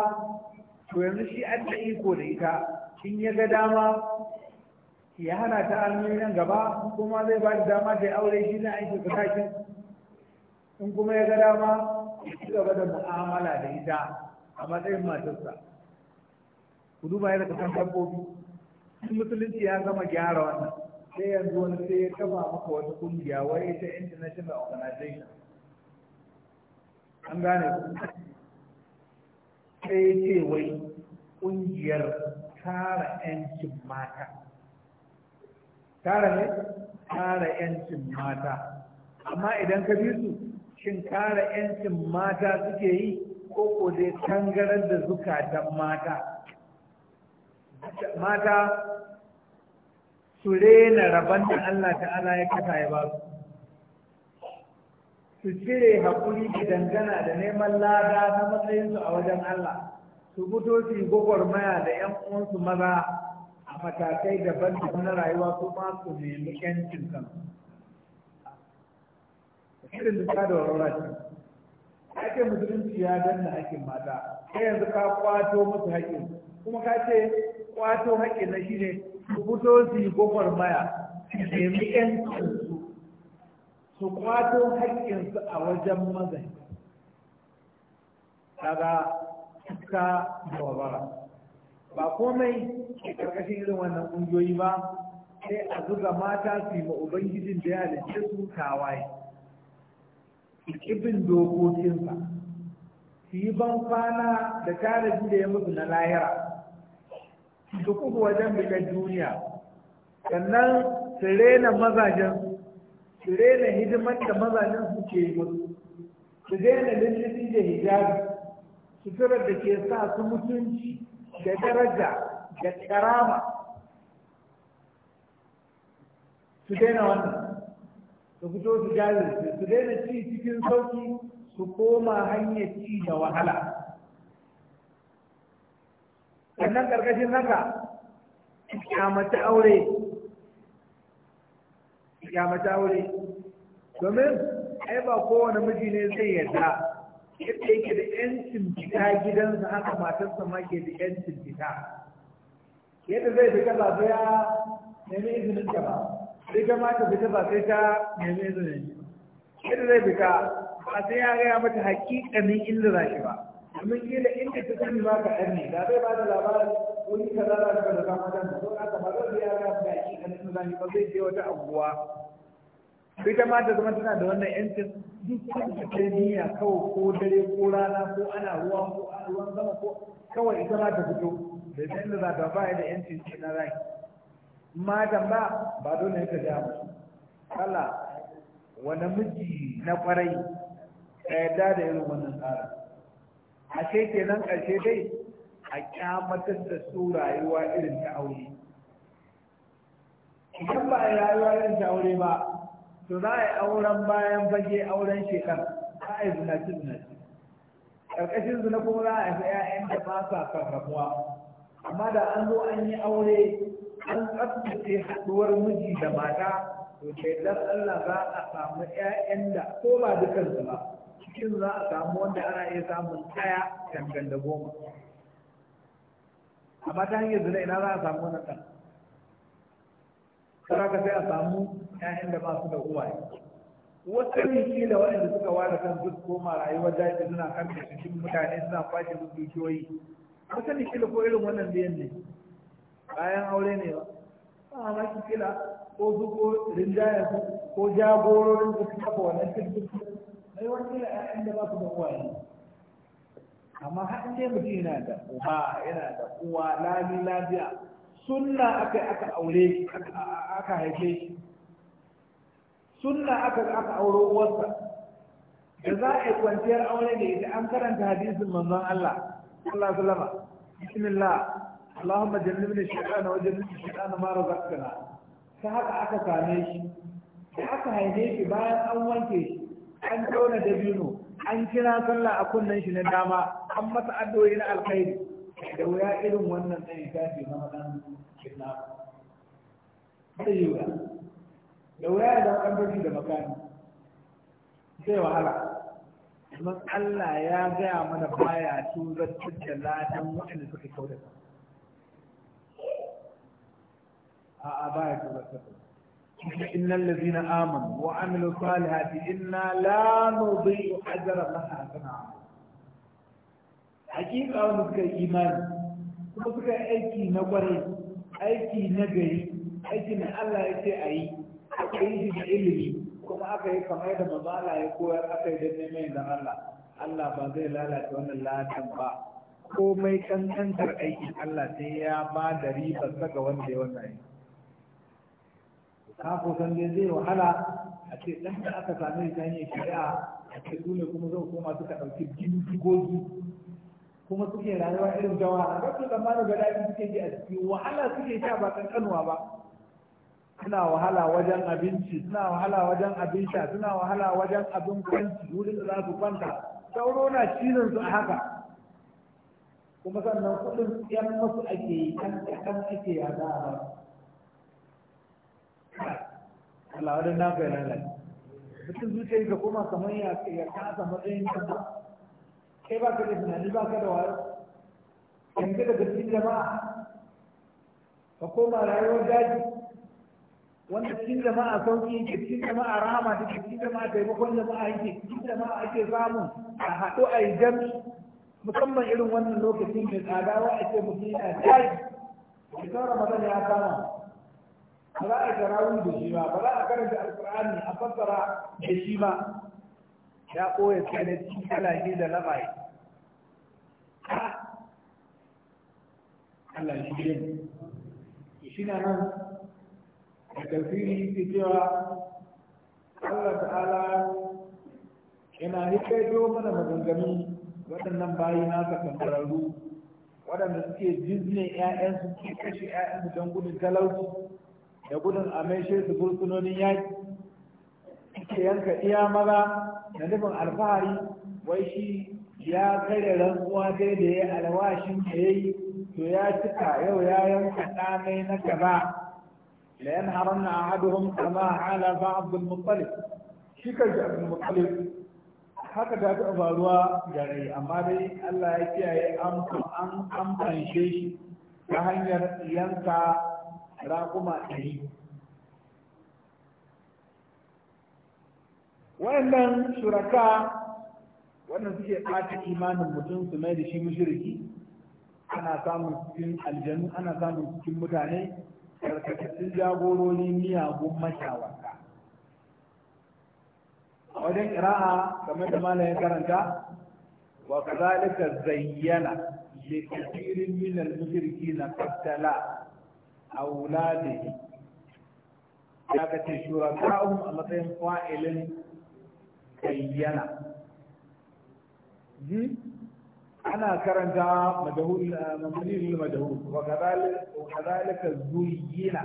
to yanzu shi an da iko da ita in ya ga dama ya hana ta hanyoyi nan gaba kuma zai ba da dama ta aure shi na aiki tsakakin in kuma ya ga dama ya gaba da mu'amala da ita a matsayin matarsa ku duba yadda ka san tabbobi sun musulunci ya gama gyara wannan sai yanzu wani sai ya kafa maka wata kungiya wai ita international organization an gane ku sai ce wai ƙungiyar tara 'yancin mata tara ne tara 'yancin mata amma idan ka bi su shin tara 'yancin mata suke yi ko ko dai tangarar da zukatan mata mata su rena rabon da Allah ta'ala ya kasa ya ba su su cire haƙuri da dangana da neman lada ta matsayinsu a wajen Allah su fito su yi gwagwarmaya da 'yan uwansu maza a matakai daban-daban na rayuwa su ma su nemi 'yancin kansu irin da da warwara ce ake musulunci ya danna haƙƙin mata kai yanzu ka kwato musu haƙƙin kuma ka ce kwato haƙƙin na shi ne su fito su yi gwagwarmaya su nemi 'yancin su kwato haƙƙinsu a wajen mazai daga iska da wabara ba komai ke ƙarƙashin irin wannan ƙungiyoyi ba sai a zuga mata su yi ma ubangijin da ya halice su tawaye su ƙibin dokokinsa su yi ban kwana da tarihi da ya mutu na lahira su kuku wajen bikin duniya sannan su rena mazajen su rena hidimar da mazajen su ke musu su daina lullubi da hijabi suturar da ke sa su mutunci da daraja da karama su daina wannan su fito su jajirce su daina ci cikin sauki su koma hanyar ci da wahala sannan ƙarƙashin haka mace aure kyamata wuri, domin ai ba kowane miji ne zai yarda yadda yake da yancin fita gidansa haka matarsa ma ke da yancin fita yadda zai fita ba sai ya nemi izinin ta ba sai kama ta fita ba sai ta nemi izinin yadda zai fita ba sai ya gaya mata hakikanin inda za shi ba domin kila inda ta sani ma ka ɗan ne da zai ba da labarin wani kaza za ka da kama dan ko aka ba zai ya gaya mata hakikanin inda za shi ba zai je wata anguwa ita ma ta zama tana da wannan yancin duk kanta ta niyya kawai ko dare ko rana ko ana ruwa ko ana ruwan sama ko kawai ita ma ta fito da san da za ta ba da yancin ce na rai matan ba ba dole ne ta ja mu kala wani miji na kwarai ka yadda da irin wannan tsarin ashe kenan ƙarshe dai a kyamatar da su rayuwa irin ta aure idan ba a rayuwa irin ta aure ba to za a yi auren bayan fage auren shekar za a yi zinaci zinaci ƙarƙashin zina kuma za a yi ‘ya'yan da ba sa sarrafuwa amma da an zo an yi aure an tsabtace haɗuwar miji da mata to shaidar Allah za a samu ‘ya'yan da ko ba dukan su ba cikin za a samu wanda ana iya samun ɗaya dangan da goma amma ta hanyar zina ina za a samu wannan saraka sai a samu ƴaƴan da ba su da uwaye wasu riki da waɗanda suka ware kan duk koma rayuwar daji suna karfe cikin mutane suna kwashe duk dukiyoyi wasu riki da ko irin wannan biyan ne bayan aure ne ba ba ma ki kila ko su ko rinjaya su ko jagororin su su kafa wannan cikin mai wani kila ƴaƴan da ba su da uwaye amma haɗin dai mutum yana da uba yana da uwa lami lafiya sunna aka aka aure aka haife shi sunna aka aka auro uwarsa da za a yi kwanciyar aure ne idan an karanta hadisin manzon Allah sallallahu alaihi wasallam bismillah shaytana wa jannibni shaytana ma razaqtana رزقتنا haka aka same shi da aka haife shi bayan an wanke shi an tauna dabino an kira sallah a kunnan shi na dama an masa addu'o'i na alkhairi لو يا إلهم وانا تنكاد في رمضان في النار أيوة لو يا إلهم أنت في المكان زي وحلا من ألا يا زي عمنا بايا سورة تجلا تنمو أن تكي كودك أبايا سورة إن الذين آمنوا وعملوا صالحات إنا لا نضيء أجر الله أجر الله hakika wanda suka yi imani kuma suka yi aiki na kwarai aiki na gari aiki na Allah ya ce a yi aka yi shi da ilimi kuma aka yi kamar da manzo Allah ya koyar aka yi dan neman da Allah Allah ba zai lalata wannan latin ba komai kankantar aikin Allah sai ya ba da riba saka wanda ya wannan yi kafo san dai zai wahala a ce dan da aka same shi ta hanyar shari'a a ce dole kuma zan koma suka dauki dindigogi kuma suke rayuwa irin jawara ba su tsammanin ga daɗi suke ji a ciki wahala suke sha ba kankanuwa ba suna wahala wajen abinci suna wahala wajen abin sha suna wahala wajen abin kwanci wurin da za su kwanta sauro na cizon su a haka kuma sannan kuɗin yan masu ake yi kan kan ake za a ba Allah wadanda na bayanan mutum zuciya ka koma kamar ya kasa matsayin kasa kai ba ka da tunani ba ka da wayo yanzu daga cikin jama'a ka koma rayuwar daji wanda cikin jama'a sauki yake cikin jama'a rahama da cikin jama'a taimakon jama'a yake cikin jama'a ake samun a haɗu a yi jami musamman irin wannan lokacin mai tsada wa ake mutum yana tayi shekarar ramadan ya kama ba za a yi tarawih da shi ba ba za a karanta alkur'ani a fassara da shi ba ya koya tsanin cikin da labarai Allah shi ne shi na nan da tafiri ke cewa Allah ta'ala yana hikaito mana maganganu waɗannan bayi nasa kantararru waɗanda suke jizne 'ya'yansu ke kashe 'ya'yansu don gudun talauci da gudun amai su bursunonin yaƙi suke yanka iya maza da nufin alfahari wai shi ya kare rantsuwa dai da ya alwashin da ya yi to ya cika yau ya yanka ɗanai na gaba da yan haramna ahaduhum kama hala fa abdul mutsalif shi kanshi abdul mutsalif haka ta taɓa faruwa rai amma dai Allah ya kiyaye an kamfanshe shi ta hanyar yanka raƙuma ɗari Waɗannan shuraka wannan suke ɓata imanin mutum su mai da shi mushriki ana samun cikin aljanu ana samun cikin mutane karkatattun jagorori miyagun mashawarta a wajen ƙira'a kamar da malamin karanta wa kazalika zayyana li kathirin min al-mushrikeena qatala awladihi ya shura shuraka'uhum a matsayin fa'ilin bayyana ji hmm? ana karanta majahul eh, madahul majahul wa kadhalika wa kadhalika zuyyina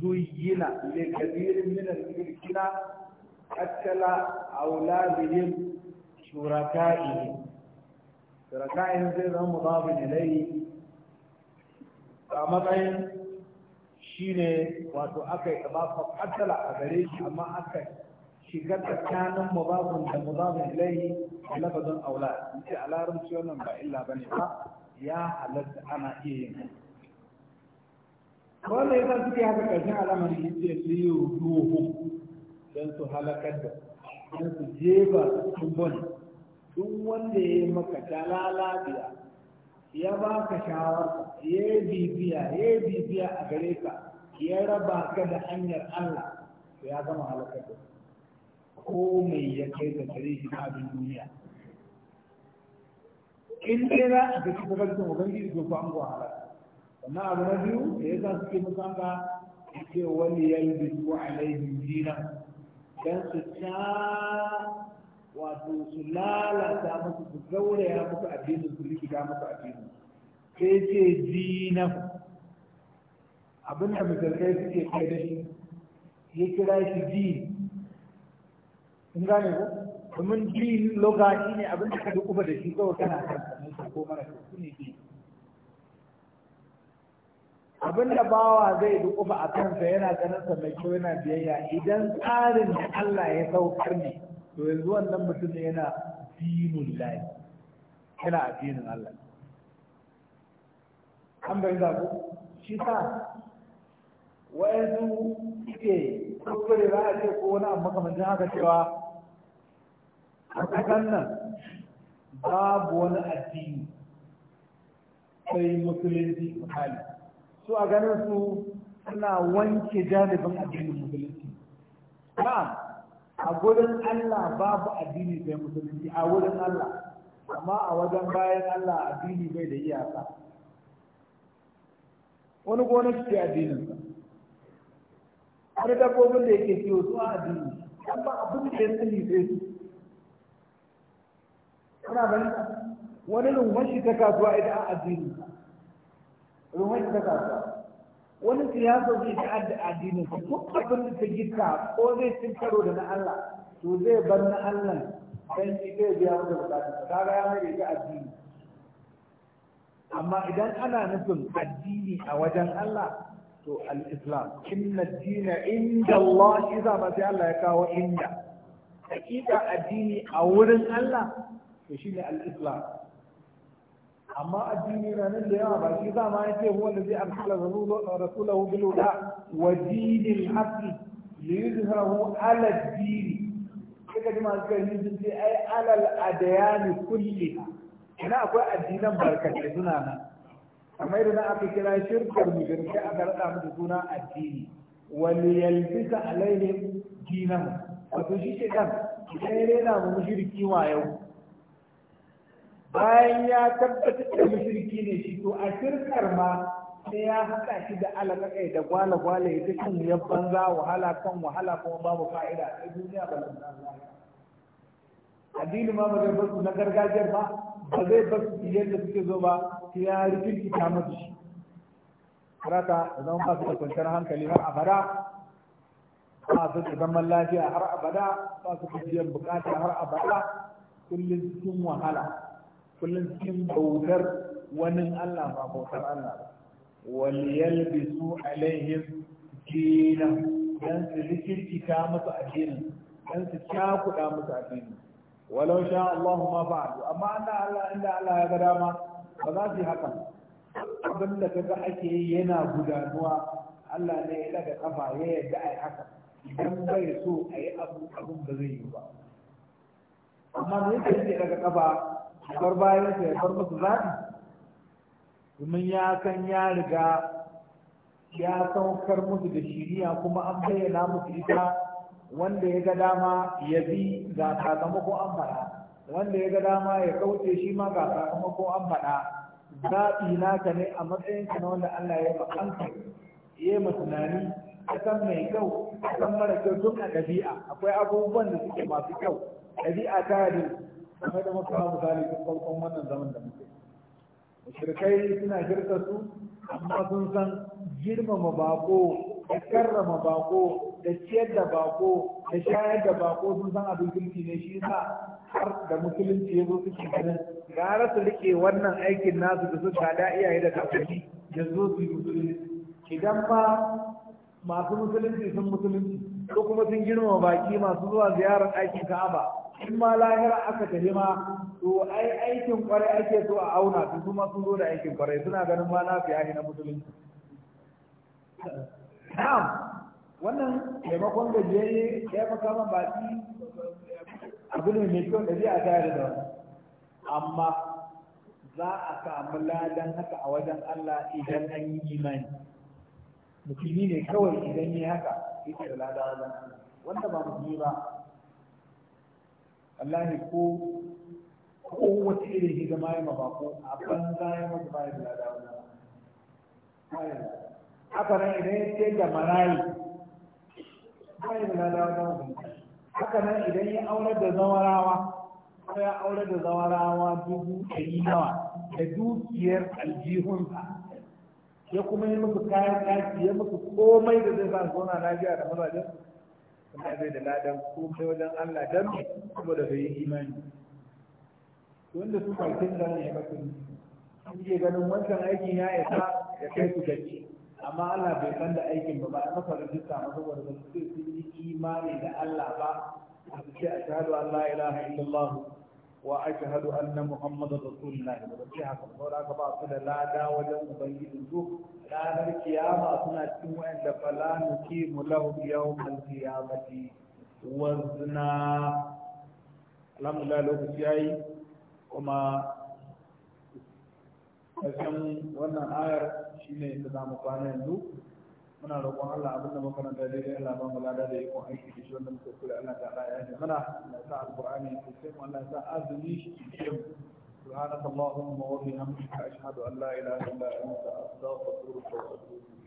zuyyina li kathirin min al-mulkina akala awladihim shurakaihim shurakaihim zai zama mudabin ilayhi a matsayin shine wato aka yi ba fatala a gare shi amma aka shiga tsakanin mubazin da mubazin ilaihi da lafazin aula in ce a larabci wannan ba illa ba ne ba ya halatta ana iya yin ne yasa suke haka ƙarshen al'amari ya su yi ruhu don su halakar da don su jefa tumbon duk wanda ya yi maka dalalabiya ya ba ka shawar ya yi bibiya ya yi bibiya a gare ka ya raba ka da hanyar Allah to ya gama halakar da su ko mai ya kai ka tare shi na abin duniya in dai za a ga cikin farkin ubangiji to fa an go halaka wannan abu na biyu da ya sa suke musan an a ce wani ya yi a laifin jina. dan su ta wato su lalata musu su gauraya musu addinin su rikida musu addinin sai ce jina. abin da musulmai suke kai da shi ya kira shi din kun gane ko domin jin loga shi ne abin da ka duk uba da shi kawai kana kan sanin ko mara su ne ji abin da bawa zai duk uba a kansa yana ganin sa mai kyau yana biyayya idan tsarin da Allah ya saukar ne to yanzu wannan mutum ne yana dinin layi yana addinin Allah an bai zaɓu shi sa wa'yansu suke kuskure za a ce ko wani abu makamancin haka cewa a ƙasar nan babu wani addini sai musulunci misali su a ganin su suna wanke janibin addinin musulunci na'am a gurin Allah babu addini sai musulunci a wurin Allah amma a wajen bayan Allah addini bai da iyaka wani gonar ce addininsa wani dabbobin da yake ciwo su a addini amma abin da ya sani sai su kuna ganin wani rumman shi ta kasuwa ita a addini rumman shi ta kasuwa wani siyasa zai ta adda addinin sa duk abin da ta gita ko zai cin karo da na Allah to zai bar na Allah dan shi zai biya masa bukatun sa kaga ya mai ita addini amma idan ana nufin addini a wajen Allah to al-islam inna ad-dina inda Allah shi ba sai Allah ya kawo inda hakika addini a wurin Allah to ne al amma addini na nan da yawa ba shi za ma yace huwa allazi arsala rasulahu bil huda wa dinil haqqi liyuzhirahu ala ad-din kaga jama'a suka yi sun ai alal adayani kulli ina akwai addinan barkatai suna nan kamar yadda aka kira shirkar mujirkai aka rada da suna addini waliyalbisa alaihim dinan? wato shi shaitan idan ya rena mu mushriki ma yau bayan ya tabbatar da mushriki ne shi to a shirkar ma sai ya haɗa shi da alaƙaƙai da gwale-gwale ya ta ya banza wahala kan wahala kuma babu fa'ida a duniya ba addini ma ba zai basu na gargajiyar ba ba zai basu da suke zo ba ya rikin ta mutu shi rata zan ba su da kwanciyar hankali har abada ba su da zaman lafiya har abada ba su da biyan bukata har abada kullum cikin wahala kullum cikin bautar wani Allah ba bautar Allah ba waliyalbisu alaihim dina dan su ta musu addinin dan su cakuɗa musu addinin walau sha Allah ma fa'alu amma Allah Allah inda Allah ya ga dama ba za su yi haka abin da kaga ake yi yana gudanuwa Allah ne ya daga kafa ya a yi haka idan bai so ayi abu abun da zai yi ba amma ne yake daga kafa bar bayan ya bar musu zaɓi domin ya san ya riga ya saukar musu da shiriya kuma an bayyana musu ita wanda ya ga dama ya bi ga sakamako an faɗa wanda ya ga dama ya kauce shi ma ga sakamako an faɗa zaɓi naka ne a matsayinka na wanda Allah ya bakanka ya yi tunani a san mai kyau a san mara kyau tun a ɗabi'a akwai abubuwan da suke masu kyau ɗabi'a ta yadda kamar da masu misali tun farkon wannan zaman da muke mushrikai suna shirka su amma sun san girmama bako da karrama bako da ciyar da bako da shayar da bako sun san abin kirki ne shi sa har da musulunci ya zo suke ganin gara su rike wannan aikin nasu da su gada iyaye da kakanni da su yi musulunci idan ba masu musulunci sun musulunci ko kuma sun girma baki masu zuwa ziyarar aikin ka'aba in ma lahira aka tafi ma to ai aikin kwarai ake so a auna su kuma sun zo da aikin kwarai suna ganin ma na fiya na musulunci na'am wannan taimakon ne ya maka man baki abu ne mai kyau zai a tare da amma za a samu ladan haka a wajen Allah idan an yi imani musulmi ne kawai idan yi haka yake da lada wajen wanda ba musulmi ba wallahi ko ko wata irin hidima ya mabako a banza ya mutu ba ya da lada wajen haka nan idan ya ce da marayi ba ya da lada wajen haka nan idan ya aure da zawarawa ko ya aure da zawarawa dubu ɗari nawa da dukiyar aljihunsa ya kuma yi musu kayan ɗaki ya musu komai da zai sa na lafiya da mazajen kuma zai da ladan komai wajen Allah dan da bai yi imani wanda su bakin da ya bakin sun ke ganin wancan aikin ya isa ya kai su gaci amma Allah bai san da aikin ba ba a masa rajista ba saboda ba su sun yi imani da Allah ba a su ce a shahadu Allah ilaha illallah وأشهد أن محمد رسول الله وفيها كفورا كبا لا دا ولا مبين سوء لا القيامة أثناء سوء فلا نقيم له يوم القيامة وزنا لم لا لو بشيء وما ƙarshen ونا ayar شيء da za mu muna roƙon Allah abin da makaranta daidai Allah ba mu lada da yakon aiki da shi wanda muka kula Allah ta Allah ya ji mana Allah sa alqur'ani ya kusa mu Allah sa azumi shi ke mu subhanakallahumma wa bihamdika ashhadu an la ilaha illa anta astaghfiruka wa atubu ilayk